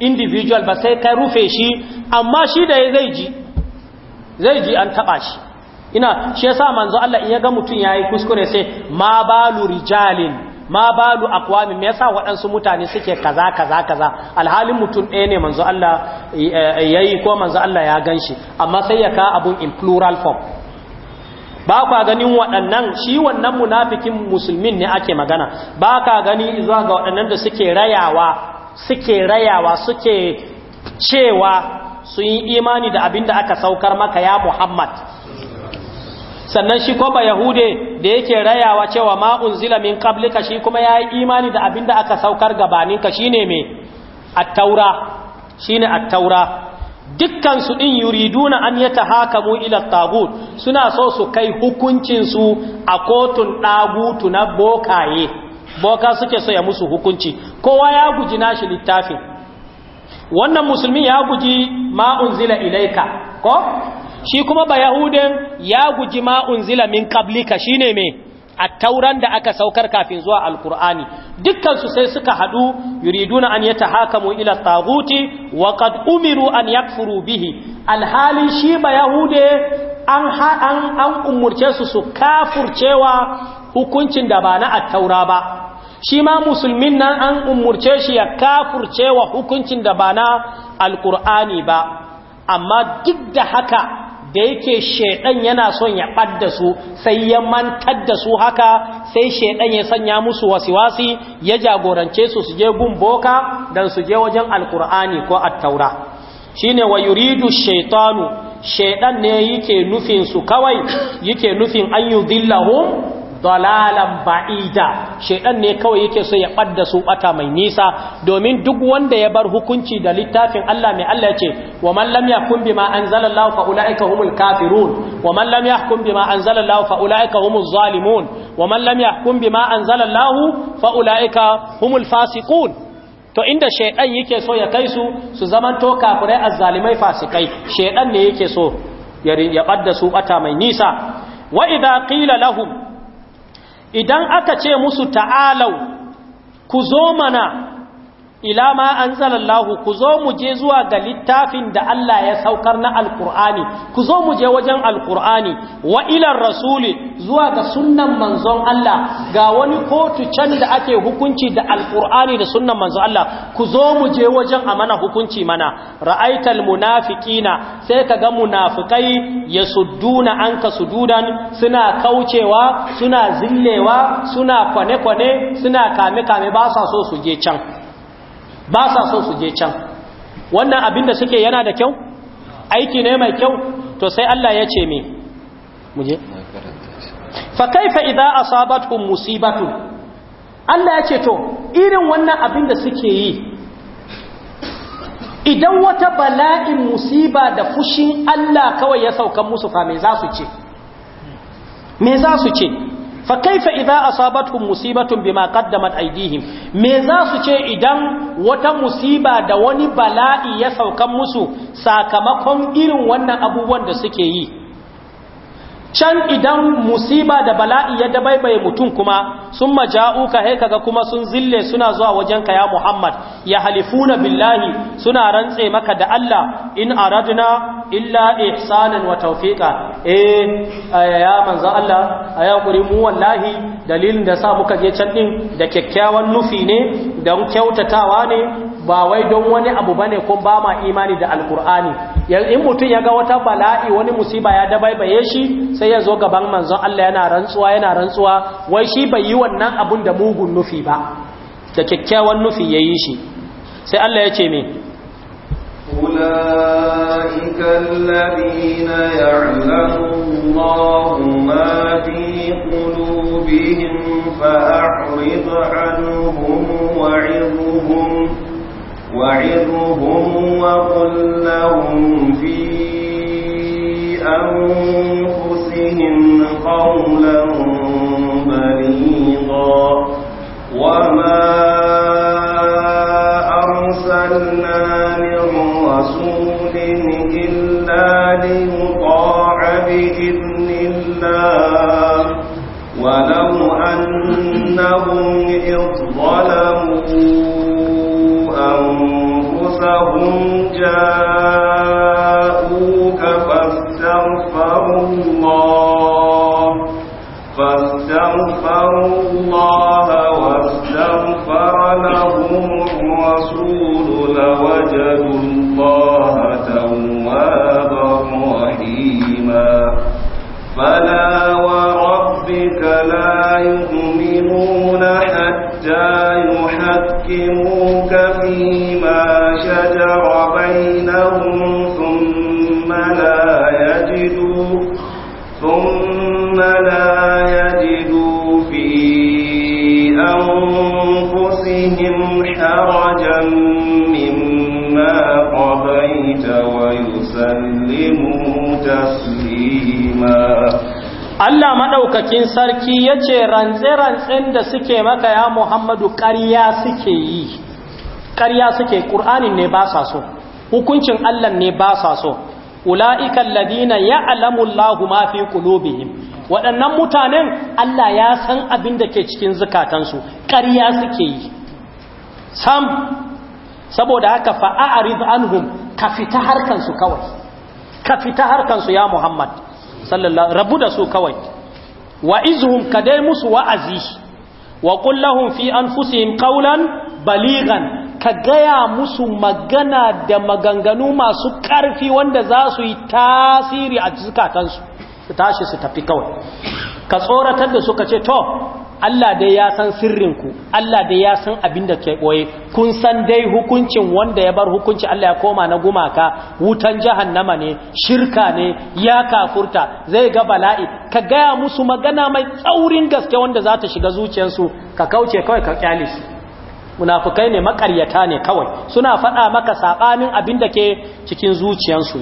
individual ba sai ka rufe shi amma shi da zai ji zai ji an taba shi ina shi yasa manzo Allah in ya ga mutun yayi kuskure sai ma balu rijalin ma balu aqwami me yasa waɗansu mutane suke kaza kaza kaza alhalin mutum ɗaya ne manzo Allah eh, eh, yayi ko manzo Allah ya ganshi amma sai ya ka abun in plural form ba ka ganin waɗannan shi wannan munafikin musulmin ne ake magana ba ka gani zuwa ga waɗannan da suke rayawa suke rayawa suke cewa sun yi imani da abin da aka saukar maka ya muhammad sannan shi kuma yahude da yake rayawa cewa ma'un zilamin kablika shi kuma ya yi imani da abin da aka saukar gabaninka shi ne mai attaura shi ne attaura dukkansu ɗin yuriduna an yata haka mu ila tagut suna so su kai hukuncinsu a kotun ɗagutu na bokaye boka suke so ya musu hukunci kowa ya guji nashi littafin wannan musulmi ya guji ma'un zila ilaika ko shi kuma ba ya guji ma'un zila min kablika shine me attauran da aka saukar kafin zuwa alkur'ani dukkansu sai suka haɗu yuriduna an mu ila taguti wa umiru an yakfuru bihi alhalin shi ba yahude an an an umurce su su kafurcewa hukuncin da ba na attaura ba shi ma musulmin nan an umurce shi ya kafurcewa hukuncin da ba na alkur'ani ba amma duk da haka da yake shaidan yana son ya ɓadda su sai ya mantar da su haka sai shaidan ya sanya musu wasiwasi ya jagorance su su je gun boka dan su je wajen alkur'ani ko attaura shine wa yuridu shaitanu shaidan ne yake nufin su kawai yake nufin an dalalan ba'ida shedan ne kawai yake so ya badda su bata mai nisa domin duk wanda ya bar hukunci da littafin Allah mai Allah ce wa man lam yahkum bima anzala Allah fa ulaika humul kafirun wa man lam yahkum bima anzala Allah fa ulaika humuz zalimun wa man lam yahkum bima anzala Allah fa ulaika humul fasiqun to inda shaidan yake so ya kai su su zaman zamanto kafirai azzalimai fasikai shaidan ne yake so ya badda su bata mai nisa wa idza qila lahum idan aka ce musu ta'alau ku zo mana ila ma an ku zo mu je zuwa ga littafin da Allah ya saukar na alkur'ani ku zo mu je wajen alkur'ani wa rasuli zuwa ga sunnan manzon Allah ga wani kotu can da ake hukunci da alkur'ani da sunnan manzon Allah ku zo mu je wajen amana hukunci mana ra'aital munafiqina sai ka ga munafikai yasudduna anka sududan suna kaucewa suna zillewa suna kwane-kwane suna kame-kame ba sa so su je can ba sa so su je can wannan abin da suke yana da kyau aiki ne mai kyau to sai Allah ya ce me mu je fa kaifa idza asabatkum musibatu Allah ya ce to irin wannan abin da suke yi idan wata bala'in musiba da fushin Allah kawai ya sauka musu fa me za su ce me za su ce fa kaifa idza asabatuhum musibatun bima qaddamat aydihim me za su ce idan wata musiba da wani bala'i ya saukan musu sakamakon irin wannan abubuwan da suke yi can idan musiba da bala'i ya dabaibaye mutum kuma sun maja'u hai kaga kuma sun zille suna zuwa wajenka ya Muhammad ya halifuna billahi suna rantse maka da Allah in araduna illa ihsanan wa tawfiqa eh ya manzo Allah aya kuri mu wallahi dalilin da sa muka je can din da kyakkyawan nufi ne don kyautatawa ne ba wai don wani abu bane ko ba ma imani da alkur'ani in mutum ya ga wata bala'i wani musiba ya dabaibaye shi sai ya zo gaban manzon Allah yana rantsuwa yana rantsuwa wai shi bai yi wannan abun da mugun nufi ba da kyakkyawan nufi ya yi shi sai Allah ya ce me أولئك الذين يعلم الله ما في وعظهم وقل لهم في أنفسهم قولا بليغا وما أرسلنا من رسول إلا لهم يحكموك فيما شجر بينهم ثم لا يجدوا ثم لا يجدوا في أنفسهم حرجا مما قضيت ويسلموا تسليما Allah maɗaukakin sarki ya ce rantse-rantsen da suke maka ya Muhammadu ƙarya suke yi, ƙarya suke, ƙur'anin ne ba sa so, hukuncin Allah ne ba sa so, ula'ikan ladina ya alamullahu mafi ƙulobihim, waɗannan mutanen Allah ya san abin da ke cikin zukatansu, ƙarya suke yi. Sam, saboda haka fa'a'arif anhum ka fita harkansu kawai, ka fita harkansu ya Muhammad. sallallahu rabu da su kawai wa izhum ka dai musu wa'azi wa qul an fi anfusihim ƙaulan baligan ka gaya musu magana da maganganu masu ƙarfi wanda za su yi tasiri a zukatansu su tashi su tafi kawai ka tsoratar da suka ce to Allah dai ya san ku. Allah dai ya san abin da ke boye kun san dai hukuncin wanda ya bar hukunci Allah ya koma na gumaka wutan jahannama ne shirka ne ya kafurta zai ga bala'i ka gaya musu magana mai tsaurin gaske wanda za ta shiga zuciyarsu ka kauce kawai ka kyale su munafukai ne makaryata ne kawai suna faɗa maka saɓanin abin da ke cikin zuciyarsu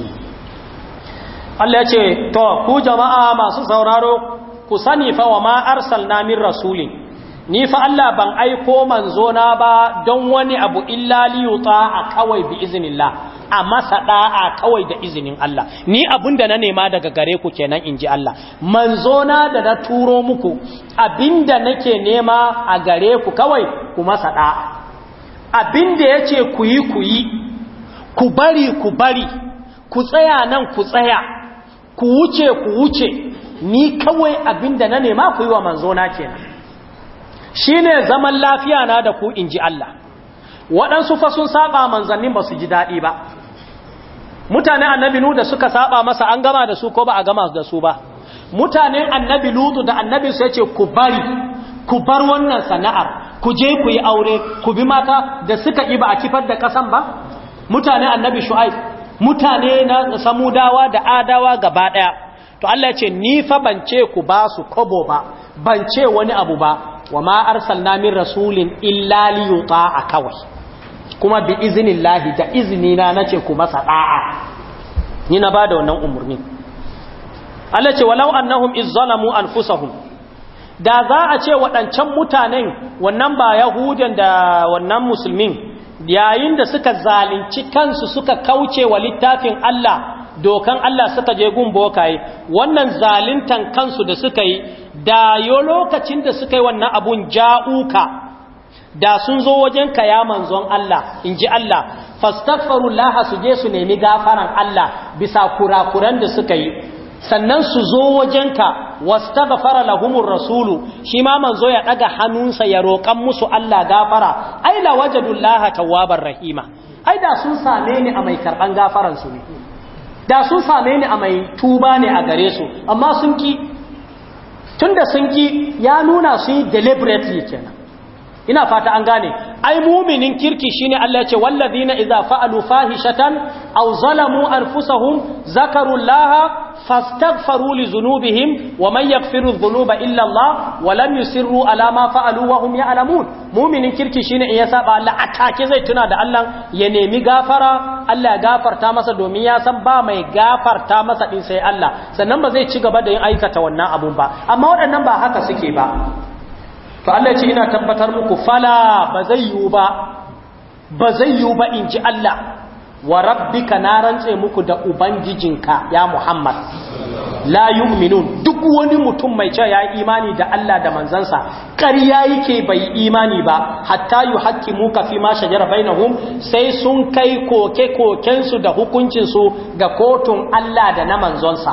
Allah ya ce to ku jama'a masu sauraro ku sani fa wa ma arsalna min rasulin ni fa Allah ban aiko manzo na ba don wani abu illa li a kawai bi iznillah a masa da'a kawai da izinin Allah ni abinda na nema daga gare ku kenan inji Allah manzo na da na turo muku abinda nake nema a gare ku kawai ku masa da'a abinda yace ku yi ku yi ku bari ku bari ku tsaya nan ku tsaya ku wuce ku wuce ni kawai abinda na nema ku yi wa manzona kenan shine zaman lafiya na da ku inji Allah waɗansu fa sun saba manzannin ba su ji daɗi ba mutane annabi nu da suka saba masa an gama da su ko ba a gama da su ba Mutane annabi lutu da annabi sai ce ku bari ku bar wannan sana'ar ku je ku yi aure ku bi mata da suka yi ba a kifar da kasan ba mutane annabi shu'aib mutane na samudawa da adawa gaba ɗaya. to Allah ce ni fa ban ce ku ba su kobo ba ban ce wani abu ba wa ma arsalna min rasulin illa li yuta'a kawai kuma bi iznillahi da iznina nace ku masa da'a ni na bada wannan umurni Allah ce walau annahum izzalamu anfusahum da za a ce waɗancan mutanen wannan ba yahudan da wannan musulmin yayin da suka zalunci kansu suka kauce wa littafin Allah dokan Allah suka je gun bokaye wannan zalintan kansu da suka yi da yo lokacin da suka yi wannan abun ja'uka da sun zo wajen ka ya manzon Allah in ji Allah fastaghfirullaha su je su nemi gafaran Allah bisa kurakuran da suka yi sannan su zo wajen wajenka wastaghfara lahumur rasulu shi ma manzo ya daga hannunsa ya roƙan musu Allah gafara ai la wajadullaha tawwabar rahima ai da sun same ni a mai karban gafaran su ne da sun same ni a mai tuba ne a gare su amma sun ki tunda sun ki ya nuna su yi deliberately kenan ina fata an gane ai muminin kirki shine Allah ya ce wallazina idza fa'alu fahishatan aw zalamu anfusahum zakaru llaha fastaghfaru li dhunubihim wa man yaghfiru dhunuba illa Allah wa lam yusirru ala ma fa'alu wa hum ya'lamun muminin kirki shine in ya saba Allah atake zai tuna da Allah ya nemi gafara Allah ya gafarta masa domin ya san ba mai gafarta masa din sai Allah sannan ba zai ci gaba da yin aikata wannan abun ba amma waɗannan ba haka suke ba fa Allah ce ina tabbatar muku fala ba zai yiwu ba ba zai yiwu ba in ji Allah wa rabbika na rantse muku da ubangijinka ya Muhammad la yu'minun duk wani mutum mai cewa ya imani da Allah da manzansa ƙarya yake bai imani ba hatta muka fi ma shajara bainahum sai sun kai koke koken su da hukuncin su ga kotun Allah da na manzonsa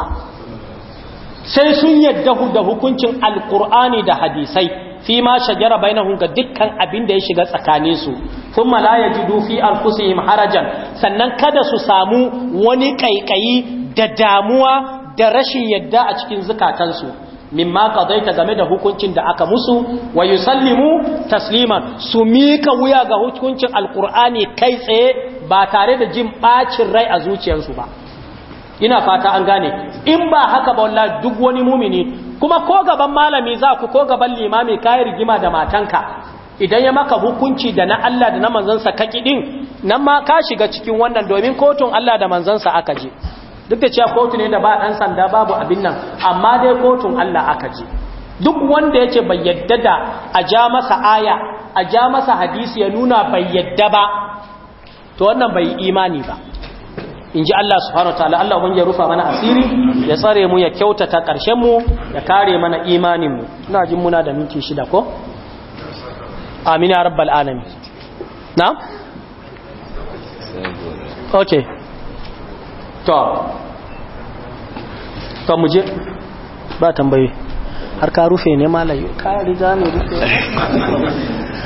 sai sun yadda da hukuncin alqur'ani da hadisai fi ma shajara bainahum ga dukkan abin da ya shiga tsakanin su ya la yajidu fi anfusihim harajan sannan kada su samu wani kaikayi da damuwa da rashin yadda a cikin zukatansu mimma qadaita game da hukuncin da aka musu wa yusallimu tasliman su mika wuya ga hukuncin alqur'ani kai tsaye ba tare da jin bacin rai a zuciyarsu ba ina fata an gane in ba haka ba wallahi duk wani mumini kuma ko gaban malami za ku ko gaban limami kayi rigima da matanka idan ya maka hukunci da na Allah da na manzansa ka kidin nan ma ka shiga cikin wannan domin kotun Allah da manzansa aka je duk da cewa kotu ne da ba dan sanda babu abin nan amma dai kotun Allah aka je duk wanda yake bai yadda da a ja masa aya a ja masa hadisi ya nuna bai yadda ba to wannan bai imani ba in ji Allah subhanahu ta'ala Allah ubangi ya rufa mana asiri ya tsare mu ya kyautata karshen mu ya kare mana imanin mu ina jin muna da minti shida ko amin ya rabbal alamin na okay to to mu je ba tambaye har ka rufe ne malayu ka riga ne rufe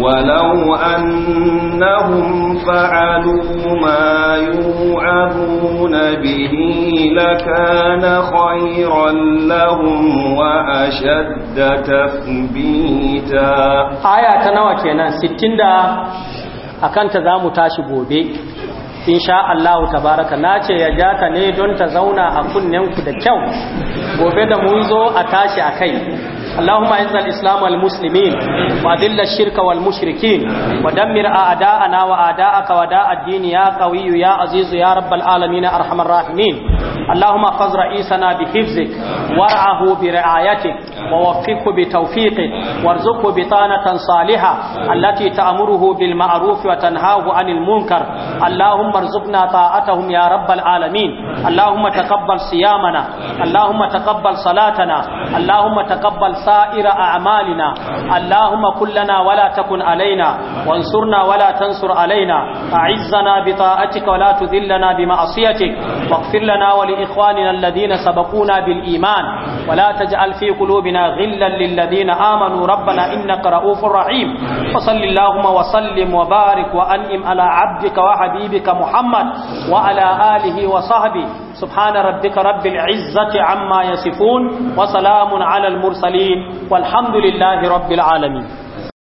ولو أنهم فعلوا ما يوعبون به لكان خيرا لهم وأشد تثبيتا آية تنوى كينا ستين دا أكان تزام تاشبو بي إن شاء الله تبارك ناچه يجاك نيدون تزونا أكون نمك دا كو gobe da أتاشي zo اللهم اعز الاسلام والمسلمين واذل الشرك والمشركين ودمر اعداءنا واعداءك وداء الدين يا قوي يا عزيز يا رب العالمين ارحم الراحمين اللهم احفظ رئيسنا بحفظك وارعه برعايتك ووفقه بتوفيقك وارزقه بطانة صالحة التي تأمره بالمعروف وتنهاه عن المنكر اللهم ارزقنا طاعتهم يا رب العالمين اللهم تقبل صيامنا اللهم تقبل صلاتنا اللهم تقبل سائر أعمالنا اللهم كلنا ولا تكن علينا وانصرنا ولا تنصر علينا أعزنا بطاعتك ولا تذلنا بمعصيتك واغفر لنا ولي إخواننا الذين سبقونا بالإيمان ولا تجعل في قلوبنا غلا للذين آمنوا ربنا إنك رؤوف رحيم وصل اللهم وسلم وبارك وأنئم على عبدك وحبيبك محمد وعلى آله وصحبه سبحان ربك رب العزة عما يصفون وسلام على المرسلين والحمد لله رب العالمين